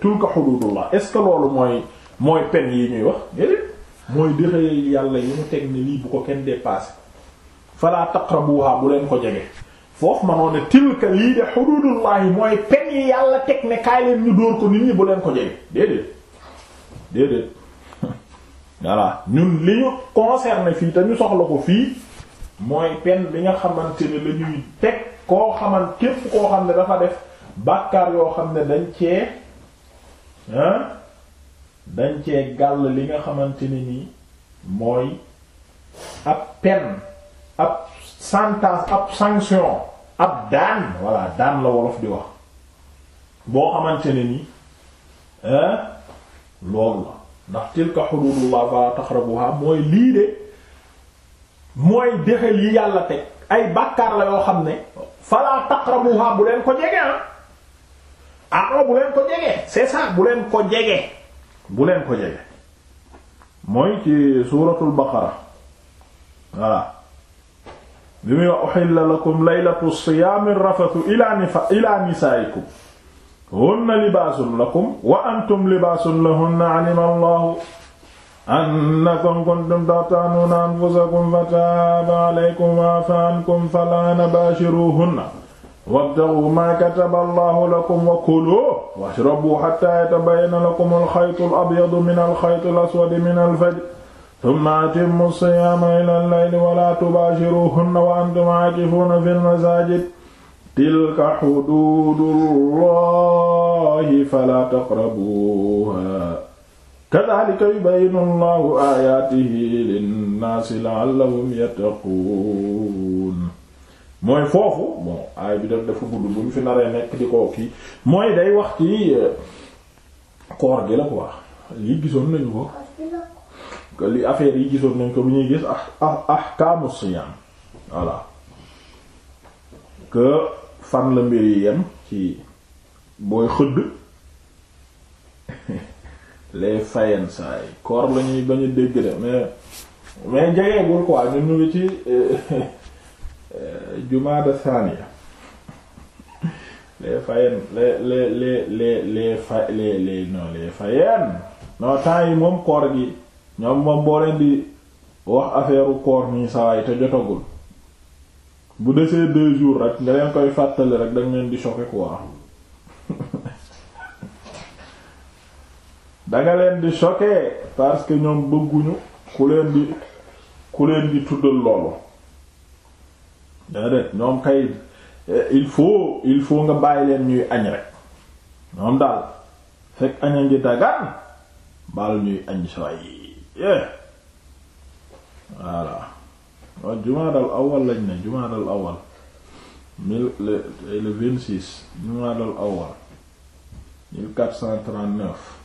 tilka loolu mooy mooy pen yi ñuy wax déedéet mooy dexe yàlla yi mu teg ni bu ko kenn dépassé fala taqrabuha bu leen ko jege foofu ma noonu tilka lii de xududullahi mooy pen yi yàlla teg ne kaay leen ñu dóor ko nit ñi bu leen ko jege déedéet déedéet [LAUGHS] voilà ñun li ñu concerné fii te ñu soxla ko fii mooy pen bi nga xamante ne la ñuy teg koo xaman képp koo xam ne dafa def bàkkaar yoo xam ne dañ cee hein dañ cee gàll li nga xamante ni nii mooy ab peine ab sentence ab sanction ab daan voilà daan la wolof di wax boo xamante ne nii loolu la ndax tilka xududullah fala taqrabuha mooy lii de mooy déxel yi yàlla teg ay bàkkaar la yoo xam ne fala taqrabuha bu leen ko jege ah ah bu leen ko jege c'est ça bu leen ko jege bu leen ko jege mooy ci suuratul baqara voilà bi muy wax uhilla lakum laylatu siyaami rafathu ilaa nisaa'ikum hunna libaasun lakum wa antum libaasun lahunna alima allahu annakum kuntum taxtaanuuna anfusakum fataaba alaykum wa afa ankum falaana baashiruuhunna wabtaghuu maa kataba allahu lakum wa kuluu washrabuu hattaa yatabayyana lakum alxaytu alabyadu min alxayti alaswadi min alfajr thumma atimmu as-siyaama ila al-layli wa laa tubaashiruuhunna wa antum aakifuuna fi al-masaajid tilka xuduudullahi falaa taqrabuuhaa kadhalika yubayyinu allahu aayaatihi linnaasi la'allahum yattaquun mooy foofu bon aay bi daf dafa gudd bu ñu fi naree nekk di ko kii mooy day wax ci euh, koor gi la ko wax lii gisoon nañu ko li affaire yi gisoon nañ ko bu ñuy gis ah, ah ahkaamu siyaam voilà que fan la mbir yi yem ci booy xëdd [LAUGHS] les fayensaay koor lañuy ba bañ dégg de mais mais jegeegul quoi ñun ñu ngi ci euh, [LAUGHS] Eh, jumaada saaniya les Fayenne les les les les les fa les les non les Fayenne non temps yi moom koor gi ñoom moom boo leen di wax affaire koor nii saa yi te jotagul bu desee deux jours rek nga leen koy fàttali rek danga leen di choquer quoi [LAUGHS] danga leen parce que ñoom bëgguñu ku leen di ku leen di tuddal loolu. déedéet ñoom kay eh, il faut il faut nga bàyyi leen ñuy añ rek ñoom daal fekk aña ngi dagaan baal ñuy añ sooy yee eh. voilà waaw jumaadal awal lañ ne jumaadal awal mille le vingt-six jumaadal awal mille quatre cent trente-neuf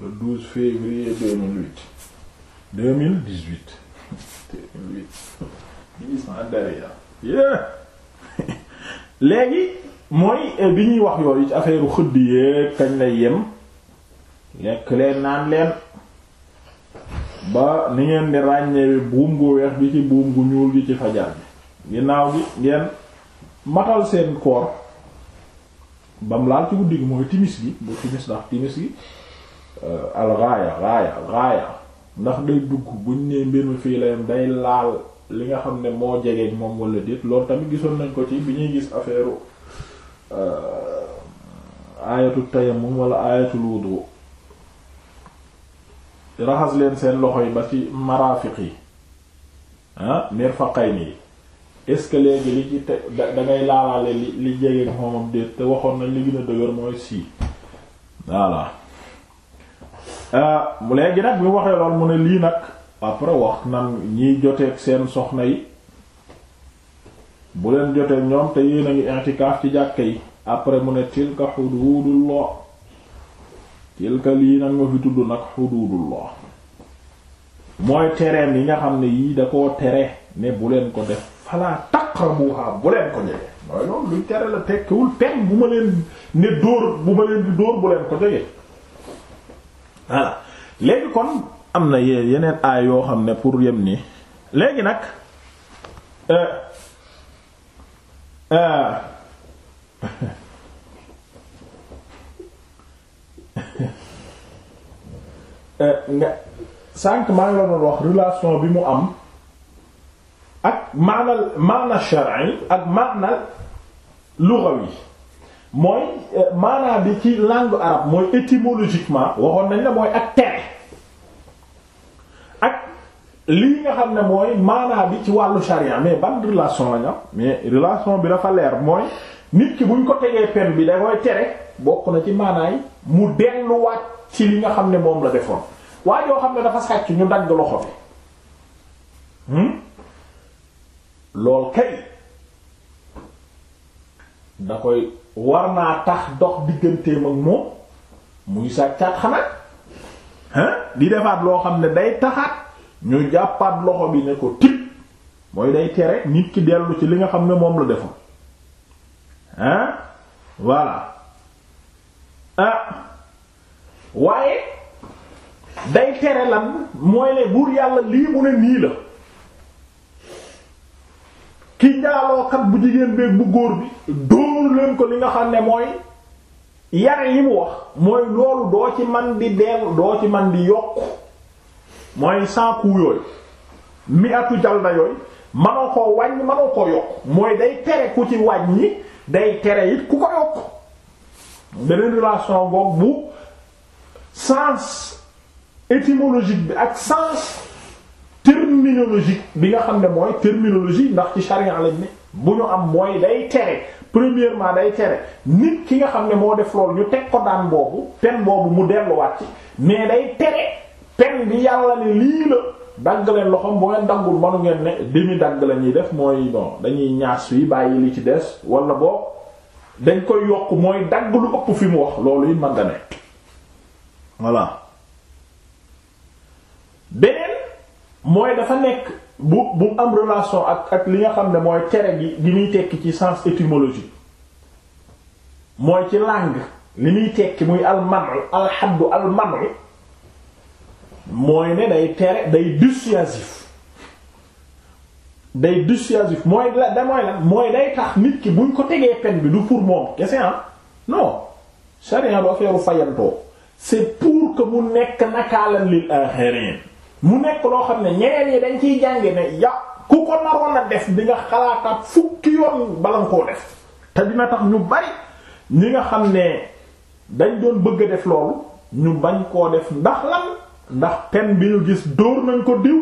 le 12 février 2008 2018 2008 [LAUGHS] léegi mooy eh, bi ñuy wax yooyu ci affaire xëdd yee kañ lay yem lekk leen naan leen ba ni ngeen di ràññee buum gu weex bi ci buum gu ñuul gi ci fajar bi ginnaaw gi ngeen matal seen koor bam laal ci guddi gi mooy timis gi bu timis ndax timis gi eh, al raaya raaya raaya ndax day dugg buñ nee mbir mi fii la yem day laal li nga xam ne moo jegeeñ moom wala déet loolu tamit gisoon nañ ko ci bi ñuy gis affaire euh, ayatul tayammum wala ayatul wudu raxas leen seen loxo yi ba ci marafiq yi ah mirfaqayni yi est-ce que léegi li ci te da ngay laalaale li li jegeeñ moomam déet te waxoon nañ li gën a dëgër mooy sii voilà euh, léegi nag bi waxee lool mu ne lii nag après wax nan ñiy joteeg seen soxna yi bu leen jotee ñoom te yéen a ngi i'tikaaf ci jàkka yi après mu ne tilka xuduudullah tilka lii nag ma fi tudd nag xuduudullah mooy tereem yi nga xam ne yii da koo tere ne bu leen ko def falaa taqrabuha bu leen ko jege mooy loolu luy tere la tekkiwul pen bu ma leen ne dóor bu ma leen dóor bu leen ko jege voilà kon am na yeneen aay yoo xam ne pour yem nii léegi nag euh, euh, [LAUGHS] euh, nga sànq maa ngi la doon wax relation bi mu am ak maanal maana shar'i ak maana lughawi mooy maanaa bi ci langue arabe mooy étymologiquement waxoon nañ la mooy ak tere lii nga xam ne mooy maanaa bi ci wàllu sharia mais ban relation la mais relation bi dafa leer mooy nit ki buñ ko tegee peine bi da koy tere bokk na ci yi mu delluwaat ci li nga xam ne moom la defoon waa yoo xam ne dafa sàcc ñu dagg loxo bi hmm? lool kay da koy war naa tax dox digganteem ak moom muy sàccaat xanaa hein di defaat loo xam ne day taxaat ñu jàppaat loxo bi ne ko tip mooy day tere nit ki dellu ci li nga xam ne moom la defoon hein ah. waaye day tere lan mooy ne buur yàlla lii mu ne nii la ki njaalookat bu jigéen beeg bu góor bi dóor ko li nga xam ne mooy yar yi mu wax mooy loolu doo ci man di dellu doo ci man bi yokk mooy saaku yooyu mi atu jalda yooyu manoo koo wàññi manoo koo yokk mooy day tere ku ci wàññi day tere it ku ko yokk beneen relation boog bu sens étymologique bi ak sens terminologique bi nga xam ne mooy terminologie ndax ci charia lañ ne bu ñu am mooy day tere premièrement day tere nit ki nga xam ne moo def loolu ñu teg ko daan boobu pen boobu mu delluwaat ci mais day tere pen bi yàlla ne lii la dagg leen loxoom bu ngeen manu ngeen ne demi dagg la ñuy def mooy bon dañuy ñaas yi bàyyi li ci des wala boo dañ koy yokk mooy dagg lu ëpp fi mu wax loolu it man da ne voilà beneen mooy dafa nekk bu bu am relation ak ak li nga xam ne mooy tere gi gi muy tekki ci sens étymologique mooy ci langue li muy tekki muy almanu alxaddu almanu mooy ne day tere day dissuasif day dissuasif mooy la da mooy la mooy day tax nit ki buñ ko tegee pen bi du pour moom kese ah non sharia ba feeru fayantoo c'est pour que mu nekk nakaalan lil aaxirin mu nekk loo xam ne ñeneen yi dañ ciy jànge ne ya ku ko naroon a def bi nga xalaataat fukki yoon bala nga koo def te dina tax ñu bari ñi nga xam ne dañ doon bëgg a def loolu ñu bañ koo def ndax lan ndax pen bi ñu gis dóor nañ ko diw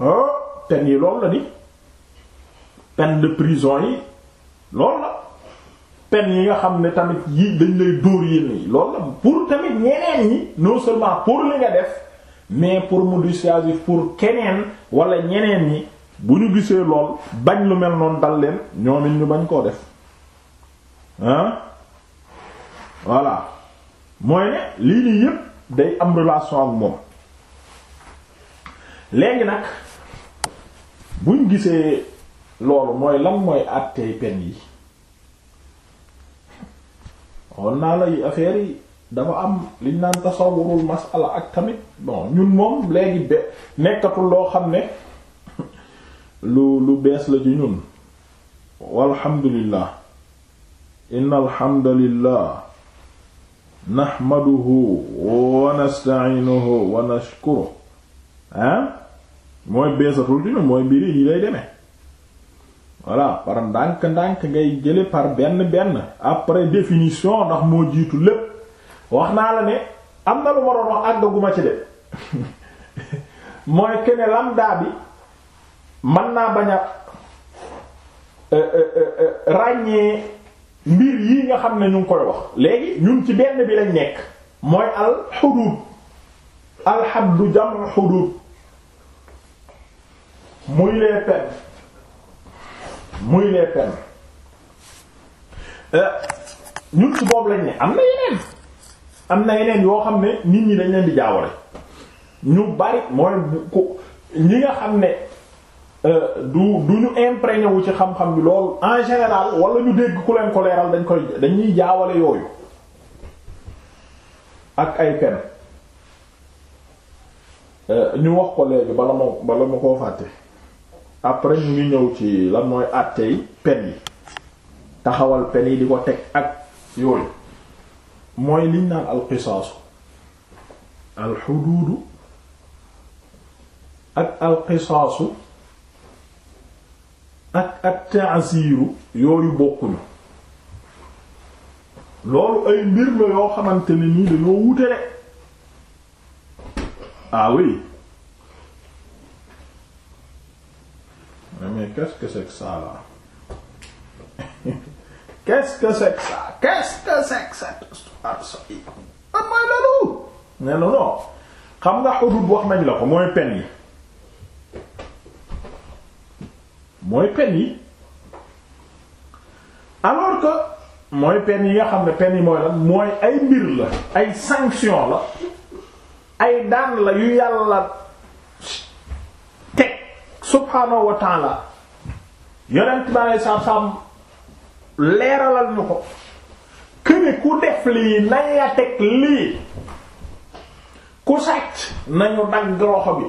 ah, pen yi loolu la di peine de prison yi loolu na peine yi nga xam ne tamit yi dañ lay dóor yénn yi loolu la pour tamit ñeneen ñi non seulement pour li nga def mais pour mu dissuasif pour keneen wala ñeneen yi bu ñu gisee lool bañ lu mel noonu dal leen ñoom ñu bañ koo def ah voilà mooy ne lii nii yépp day am relation ak moom léegi nag buñ gisee loolu mooy lan mooy àttee pen yi won naa lay affaire yi dafa am liñ naan tasawurul masala ak tamit bon ñun moom léegi be nekkatul loo xam ne [LAUGHS] lu lu bees la ci ñun walhamdulillah inna alhamdulillah naxmaduhu wa nasta'inuhu wa nashkuruhu ah mooy beesatul dina mooy mbiri yi lay demee voilà par ndànk-ndànk ngay jële par benn benn après définition ndax moo jiitu lépp wax naa la ne am na lu ma doon wax àggaguma ci de mooy kene lambda bi mën naa bañ euh, euh, euh, ràññee mbir yi nga xam ne ñu ngi koy wax léegi ñun ci benn bi lañ nekk mooy al xuduud al xaddu jam'u xuduud muy les peines muy les peines euh, ñun ci boobu lañ ne am na yeneen am na yeneen yoo xam ne nit ñi dañ leen di jaawale ñu bari mooy bu ñi nga xam ne Euh, du du ñu imprégné wu ci xam-xam bi loolu en général wala ñu dégg ku leen ko leeral dañ koy dañuy jaawale yooyu ak ay pen euh, ñu wax ko léegi bala ma bala ma koo fàtte après ñu ñëw ci lan mooy àttey pen yi taxawal pen yi di ko teg ak yooyu mooy liñ naan alxisaasu alxuduudu ak alxisaasu ak ak ta'siru yooyu bokkuñu loolu ay mbir yoo xamante ne nii dañoo wute rek ah oui mais qu'est-ce que c'est que ça là [LAUGHS] qu'est-ce que c'est que ça quest ah, xam nga xudud wax nañ la ko pen yi mooy pen yi alors que mooy pen yi nga xam ne pen yi mooy lan mooy ay mbir la ay sanction la ay daan la yu yàlla teg subhaanahu wa taala yonent bi alei saatu salaam leeralal ñu ko këne ku def lii nañ la teg lii ku sàcc nañu dagg loxo bi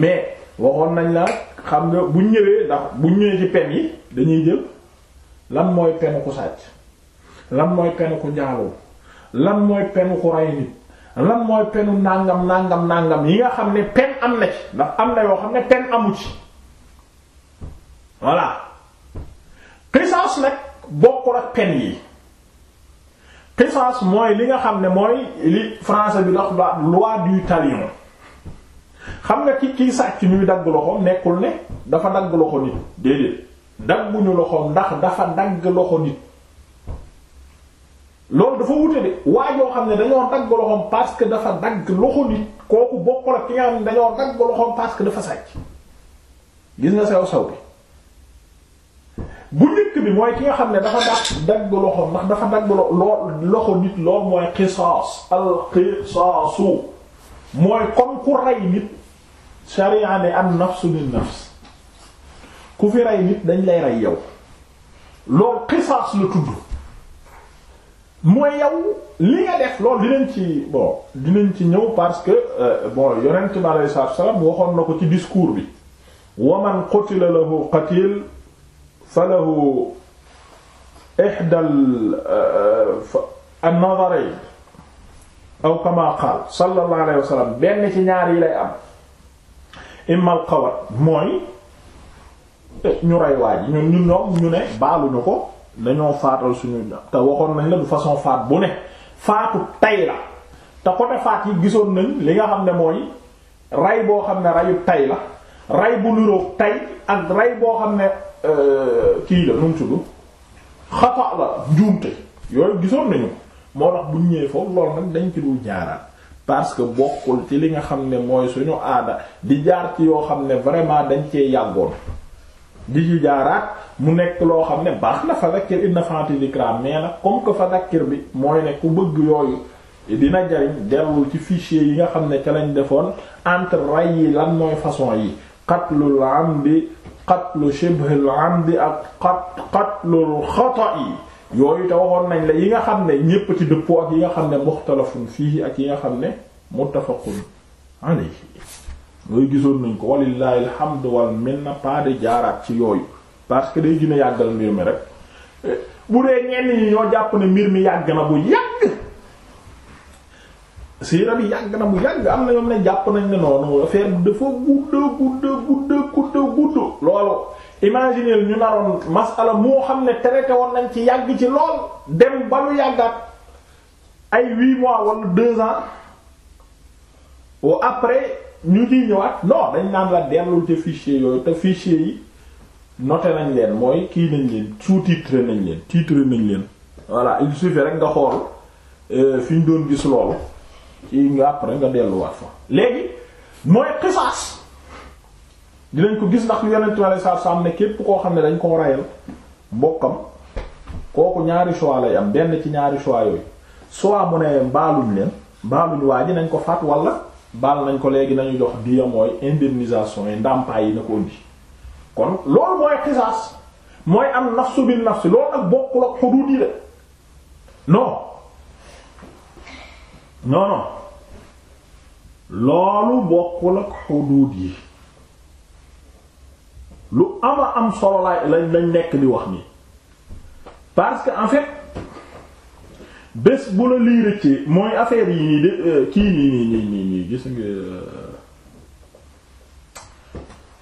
mais waxoon nañ la xam nga bu ñëwee ndax bu ñëwee ci pen yi dañuy jël lan mooy penu ku sàcc lan mooy penu ku njaaloo lan mooy penu ku rey nit lan mooy penu nàngam nàngam nàngam yi nga xam ne pen am na ci ndax am na yoo xam ne pen amu ci voilà xisaas nag bokkul ak pen yi xisaas mooy li nga xam ne mooy li français bi dox ba loi du talion xam nga ki kii sàcc ñuy dagg loxoom nekkul ne dafa dagg loxo nit déedéet dagguñu loxoom ndax dafa dagg loxo nit loolu dafa wute de waa xam ne dañoo dagg parce que dafa dagg loxo nit kooku bokkul ak ki nga xam ne dañoo dagg loxoom parce dafa sàcc gis nga ki nga xam ne dafa dagg dagg loxoom ndax dafa dagg lo loxo nit lool mooy qisaas al mooy comme ku nit sharia ne an nafsu bin nafs ku fi rey nit dañ lay rey yow lool xisaas la tudd mooy yow li nga def loolu dinañ ci bon ci ñëw parce que euh, bon yonent bi aleyhi salaatu waxoon na ko ci discours bi wa man qutila lahu qatil fa lahu ihdal euh, an-nazarayn aw kama qaal sallallahu alayhi wa benn ci ñaar yi lay am immal xawat mooy ñu rey waaj ñun ñun ñoom ñu ne baaluñu ko dañoo faatal suñu te waxoon nañ la du façon faat bu ne faatu tay la te côté faat yi gisoon nañ li nga xam ne mooy rey boo xam ne reyu tay la rey bu niroog tay ak rey boo xam ne euh, kii la nu mu tudd la njuumte yooyu gisoon nañu moo tax buñ ñëwee foofu loolu nag dañ ci dul jaaraat parce que bokkul ci li nga xam ne mooy suñu aada di jaar ci yoo xam ne vraiment dañ cee yàggoon di ci jaaraat mu nekk loo xam ne baax na fadakir inna fa'ati dhikra mais nag comme que fadakir bi mooy ne ku bëgg yooyu dina jariñ dellu ci fichier yi nga xam ne ca lañ defoon entre ray yi lan mooy façon yi qatlul amdi qatlu shibhil amdi ak qat qatlul xata yi yooyu te waxoon nañ la yi nga xam ne ñépp ci dëppoo ak yi nga xam ne muxtalafun fii ak yi nga xam ne muttafaqun alayhi yooyu gisoon nañ ko walillahi alhamdu wal minna pas jaaraat ci yooyu parce que day gën yàggal mbir mi rek bu dee ñenn ñi ñoo jàpp ne mbir mi yàgg na bu yàgg siira bi yàgg na bu yàgg am na ñoom ne jàpp nañ ne noonu affaire bi dafa gudd gudd gudd gudd gudd loolu imagineel ñu naroon masala moo xam ne traité woon nañ ci yàgg ci lool dem ba lu yàggaat ay huit mois wala deux ans o après ñu ciy ñëwaat non dañ naan la dellul te fichier yooyu te fichier yi note nañ leen mooy kii nañ leen sous-titré nañ leen tiitre nañ leen voilà il suffit rek nga xool euh, fi ñu doon gis loolu ci nga après nga delluwaat fa léegi mooy xisaas dinañ ko gis ndax yonent bi alei satu ne képp koo xam ne dañ koo rayal mbokkam kooku ñaari choix lay am benn ci ñaari choix yooyu soit mu ne baaluñ leen baaluñ waa ji nañ ko faat wala baal nañ ko léegi nañu jox diya mooy indemnisation yi ndàmpaay yi na ko indi kon loolu mooy xisaas mooy am nafsu bi nafsi loolu nag bokkul ak xuduud yi de non non loolu bokkul ak xuduud yi lu ama am solo laay lañ nekk di wax nii parce que en fait bés bu la lii rëccee mooy affaire yi nii de euh, kii nii nii nii nii gis nga lu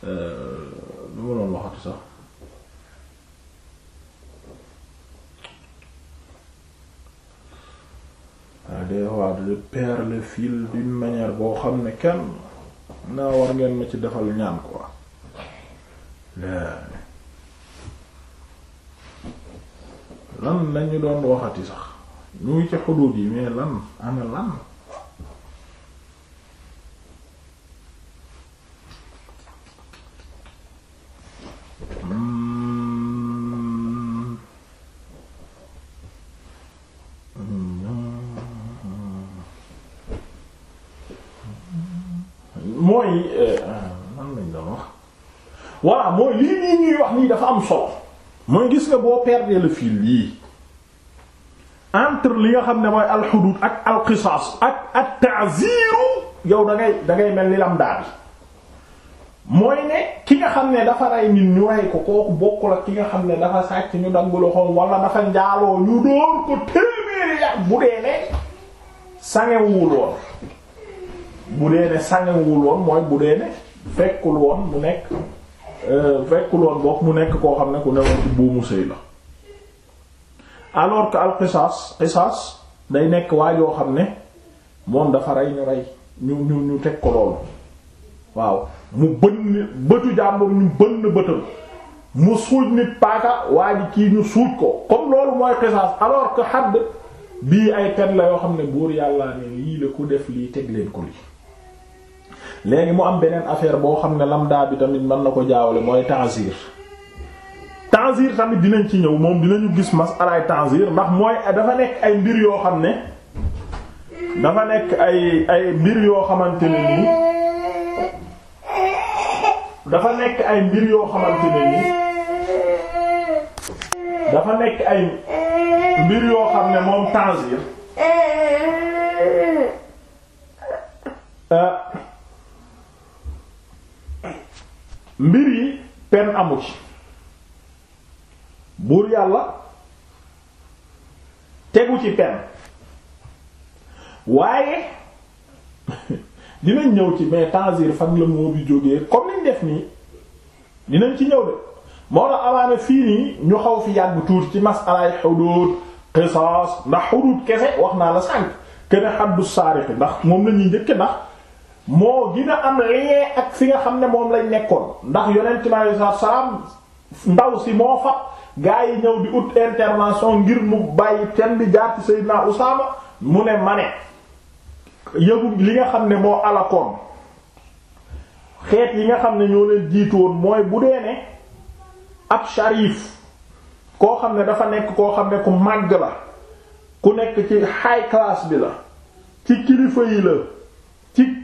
euh, euh, ma waxatu sax waaw ah, day wax de perdre le fil d'une manière boo xam ne kenn naa war ngeen ma ci defal ñaan quoi lan lañu doon waxati sax ñu ngi ci xuduud yi mais lan ana lan voilà mooy lii nii ñuy wax nii dafa am solo mooy gis nga boo perdre la fil yii entre li nga xam ne mooy alxudud ak alqisaas ak ak ta'ziru yow da dangay mel ni lamdaa bi mooy ne ki nga xam ne dafa rey nit ñu rey ko kooku bokkul ak ki nga xam ne dafa sàcc ñu dagg loxoom wala dafa njaaloo ñu door ko téeméeri yar bu dee ne sangewul woon bu dee ne sangewul woon mooy bu dee ne fekkul woon mu nekk Euh, fekkuloon bokk mu nekk koo xam ne ku newoon ci buumu sëy la alors que al qisaas qisaas day nekk waajoo xam ne moom dafa rey ñu rey ñu ñu ñu teg ko loolu waaw mu bënn bëtu jàmbur ñu bënn bëtal mu suuj nit paaka waa ji kii ñu suuj ko comme loolu mooy qisaas alors que xadd bii ay pen la yoo xam ne buur yàlla ne lii la ku def lii teg leen ko li léegi mu am beneen affaire boo xam ne lamda bi tamit man na ko jaawale mooy ta'zir ta'zir tamit dinañ ci ñëw moom dinañu gis masalaay ta'zir ndax mooy dafa nekk ay mbir yoo xam ne dafa nekk ay ay mbir yoo xamante ne ni dafa nekk ay mbir yoo xamante dafa nekk ay mbir yoo xam ne moom ta'zir euh, mbir yi pen amu ci buur yàlla tegu ci pen waaye [LAUGHS] dinañ ñëw ci mais tanzir fan la moo bi jógee comme niñ def nii dinañ ci ñëw de moo la amaana fii nii ñu xaw fi yàgg tuuti ci masalaay xuduud qisaas ndax xuduud kese wax naa la sànq kenn xaddu saarixi ndax moom la njëkk ndax moo gina a am lien ak fi nga xam ne moom lañ nekkoon ndax yonent bi alei salaatu ndaw si moo fa gaa yi ñëw di ut intervention ngir mu bàyyi ten bi jaar ci Seydina Usaama mu ne ma ne yëgu li nga xam ne moo alakoon xeet yi nga xam ne ñoo leen jiitu woon mooy bu dee ne ab sharif koo xam ne dafa nekk koo xam ne ku màgg la ku nekk ci high class bi la ci kilifa yi la ci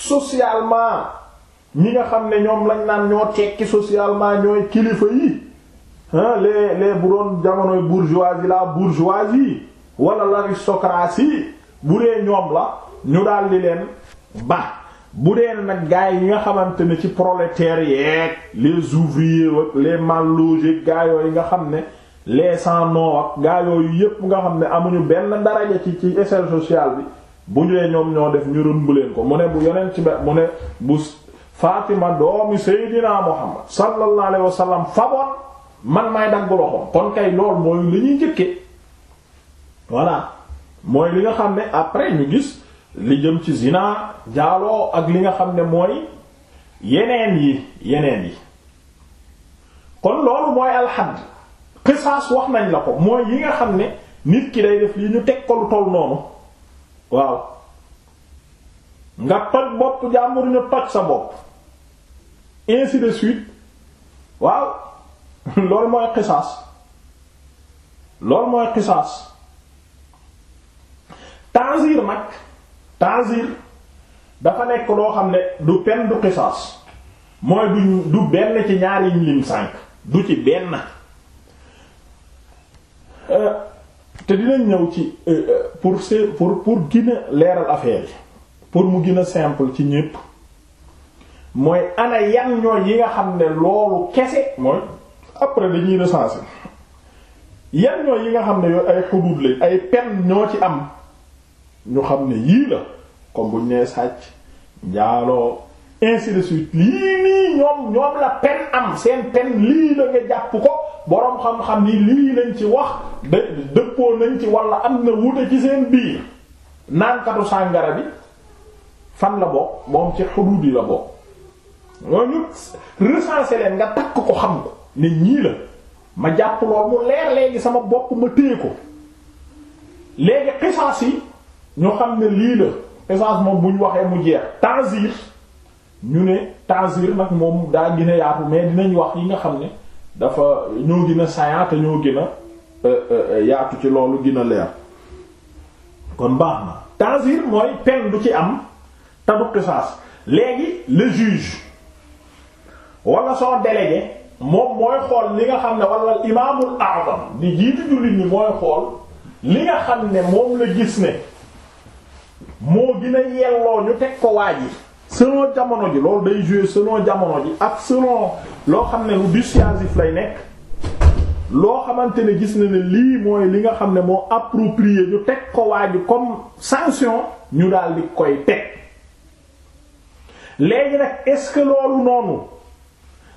socialement ñi nga xam ne ñoom lañ naan ñoo tekki socialement ñooy kilifa yi les les bu doon jamonoy bourgeoisie la bourgeoisie wala l'aristocratie bu dee ñoom la ñu daldi leen ba bu dee nag gaay yi nga xamante ne ci prolétaires yeeg les ouvriers ak les mal logés gaay nga xam ne les sans nom ak gaay yooyu yépp nga xam ne amuñu benn daraja ci ci échelle sociale bi bu ñu ñoom ñoo def ñu bu leen ko mu ne bu yonent ci mu ne bu Fatima doomi Seydina Muhammad sallallahu alayhi wa sallam faboon man maay dagg loxoom kon kay lool mooy li ñuy njëkkee voilà mooy li nga xam ne après ñu gis li jëm ci zina jaaloo ak li nga xam ne mooy yeneen yi yeneen yi kon loolu mooy alxadd xisaas wax nañ la ko mooy yi nga xam ne nit ki day def li ñu teg ko lu toll noonu. waaw nga toj bopp jàmbur ñu toj sa bopp ainsi de suite waaw [LAUGHS] loolu mooy xisaas loolu mooy xisaas tanzir nag tanzir dafa nekk loo xam ne du pen du xisaas mooy du du benn ci ñaari lim sànk du ci benn. Euh, te dinañ ñëw ci euh, euh, pour c'est pour pour gën leeral affaire yi pour mu gën a simple ci ñépp mooy ana yan ñooy yi nga xam ne loolu kese mooy après dañuy recenser yan ñooy yi nga xam ne yooyu ay xuduud lañ ay pen ñoo ci am ñu xam ne yii la comme buñ nee sàcc njaaloo ainsi de suite lii nii ñoom ñoom la pen am seen pen lii la nga jàpp ko boroom xam-xam nii lii lañ ci wax de dëppoo nañ ci wala am na wute ci seen biir naankatu sàngara bi fan la bokk moom ci xuduud yi la bokk ñoo ñu recenser leen nga takk ko xam ko ne ñii la ma jàpp lool mu leer léegi sama bokk ma téye ko léegi xisaas yi ñu xam ne lii la xisaas moom buñ waxee mu jeex tanzir ñu ne tazir nag moom daa gën yaatu mais dinañ wax yi nga xam ne dafa ñoo gën a sayan te ñoo gën euh, euh, yaatu ci loolu gina a leer kon baax na tazir mooy peine du ci am te du léegi le juge wala son délégué moom mooy xool li nga xam ne wala imaamul a'zam di jiitu jullit ñi mooy xool li nga xam ne moom la gis ne moo gën a yelloo ñu teg ko waaj yi selon jamono ji loolu day jouer selon jamono ji ak selon loo xam ne lu dissuasif lay nekk loo xamante ne gis na ne lii mooy li nga xam ne moo approprié ñu teg ko waaju comme sanction ñu daal di koy teg léegi nag est-ce que loolu noonu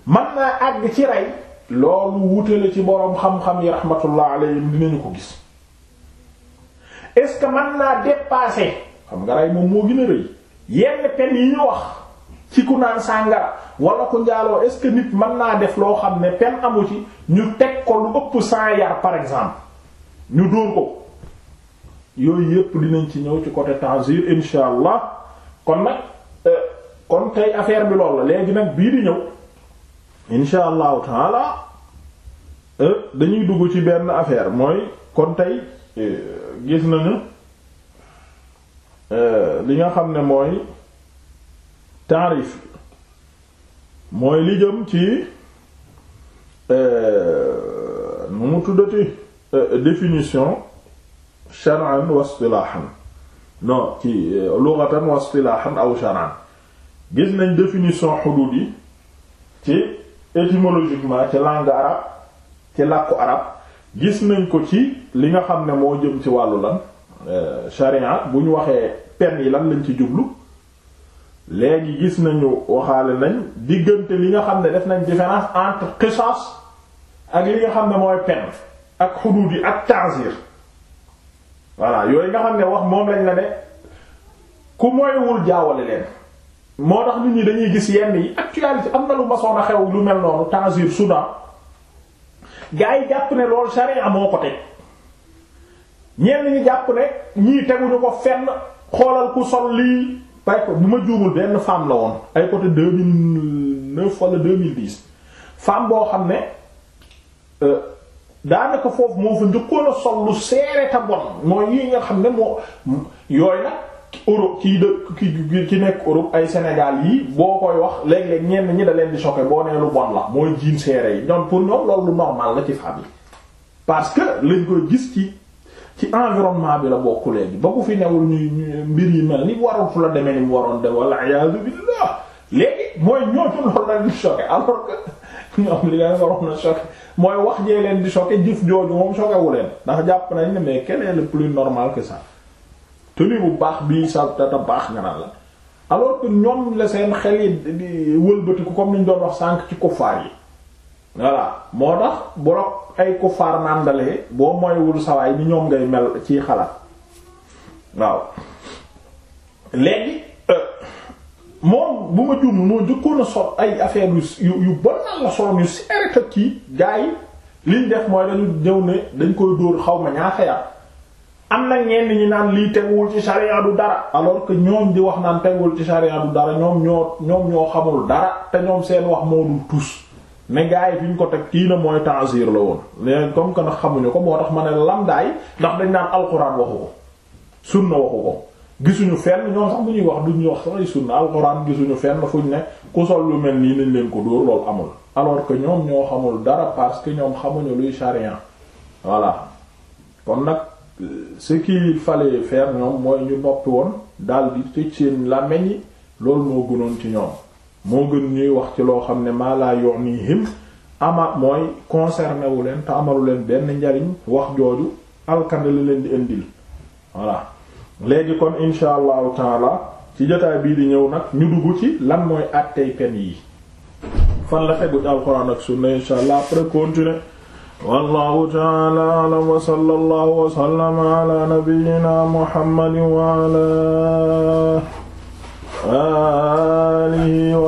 mën naa àgg ci rey loolu wutale ci boroom xam-xam yi rahmatullah alayhim dinañu ko gis est-ce que mën naa dépasser xam nga rey moom moo gën a rëy yenn pen yi ñu wax ci ku naan sàngara wala ku njaaloo est-ce que nit man naa def loo xam ne pen amu ci ñu teg ko lu ëpp cent yar par exemple ñu dóor ko yooyu yépp dinañ ci ñëw ci côté tanzir insha allah kon nag euh, kon tey affaire bi lool la léegi nag bii di ñëw insha allahu taala euh, dañuy dugg ci benn affaire mooy kon tey euh, gis nañu Euh, li nga xam ne mooy taarif mooy li jëm ci euh, nu mu tuddati euh, définition shar'an wa istilahan non ci lughatan wa aw shar'an gis nañ définition xuduud yi ci étymologiquement ci langue ci làkku arabe gis nañ ko ci li nga xam ne moo jëm ci wàllu la Euh, sharia bu ñu waxee pen yi lan lañ ci jublu léegi gis nañu waxaale nañ diggante li nga xam ne def nañ différence entre qisas ak li nga xam ne mooy pen ak xuduud yi ak ta'zir voilà yooyu nga xam ne wax moom lañ la ne ku moywul jaawale leen moo tax nit ñi dañuy gis yenn yi actualité am na lu masoon a xew lu mel noonu ta'zir Soudan gaa yi jàpp ne loolu sharia moo ko teg ñenn ñi jàpp ne ñii teguñu ko fenn xoolal ku sol lii bay ko bu ma juumul benn femme la woon ay côté deux mille neuf wala deux mille dix femme boo xam ne euh, daanaka foofu moo fa njëkkoon a sol lu seere ta bon mooy yi nga xam ne moo yooyu nag Europe kii dëkk ki ki nekk Europe ay Sénégal yii boo koy wax léeg-léeg ñenn ñi da leen di choquer boo nee lu bon la mooy jiin seere yi ñoom pour ñoom loolu lu normal la ci femme yi parce que lañ koy gis ci. ci environnement bi la bokk léegi ba ku fi newul ñuy mbir yi mel ni warut la demee ni mu waroon dem wala iyaazu billah léegi mooy ñooñu loolu la ñu choqué alors que ñoom li nga na choqué mooy wax jee leen di choqué jëf jooju moom choqué wu leen ndax jàpp nañ ne mais keneen le plus normal que ça tenu bu baax bii sa data baax nga naan la alors que ñoom la seen xel yi di wëlbatiku comme ni ñu doon wax sànq ci kuffaar yi. voilà moo tax borog ay kuffaar nàndalee boo moywul sawaay ni ñoom ngay mel ci xalaat waaw léegi euh, moom bu ma junn moo jëkkoon a sol ay affaire yu yu bon naan la yu seere tëj kii gaa yi liñ def mooy dañu ñëw ne dañ koy dóor xaw ma ñaata yar am na ñenn ñi naan lii teguwul ci sharia du dara alors que ñoom di wax naan teguwul ci sharia du dara ñoom ñoo ñoom ñoo xamul dara te ñoom seen wax moo dul tus ne gaa yi fi ñu ko teg kii na mooy ta'zir la woon mais comme que nag xamuñu ko moo tax ma ne lamdaay ndax dañ naan alxuraan waxu ko sunna waxu ko gisuñu fenn ñoom sax bu ñuy wax duñu wax sax ay sunna alxuraan gisuñu fenn fuñ ne ku sol lu mel nii nañ leen ko dóor loolu amul alors que ñoom ñoo xamul dara parce que ñoom xamuñu luy charia voilà kon nag euh, ce qu'il fallait faire ñoom mooy ñu noppi woon daal di tëj yi loolu moo gënoon ci ñoom moo gën ñuy wax ci loo xam ne maa laa yu'nihim ama mooy concerné leen te amalu leen benn njariñ wax jooju alkande la leen di indil voilà léegi kon insha allahu taala ci jotaay bii di ñëw nag ñu dugg ci lan mooy àttey pen yi fan la tegu ci alxuraan ak sunna insha allah après continuer wallahu taala alam wa sallallahu wa sallama ala nabiyyina muhammadin wa ala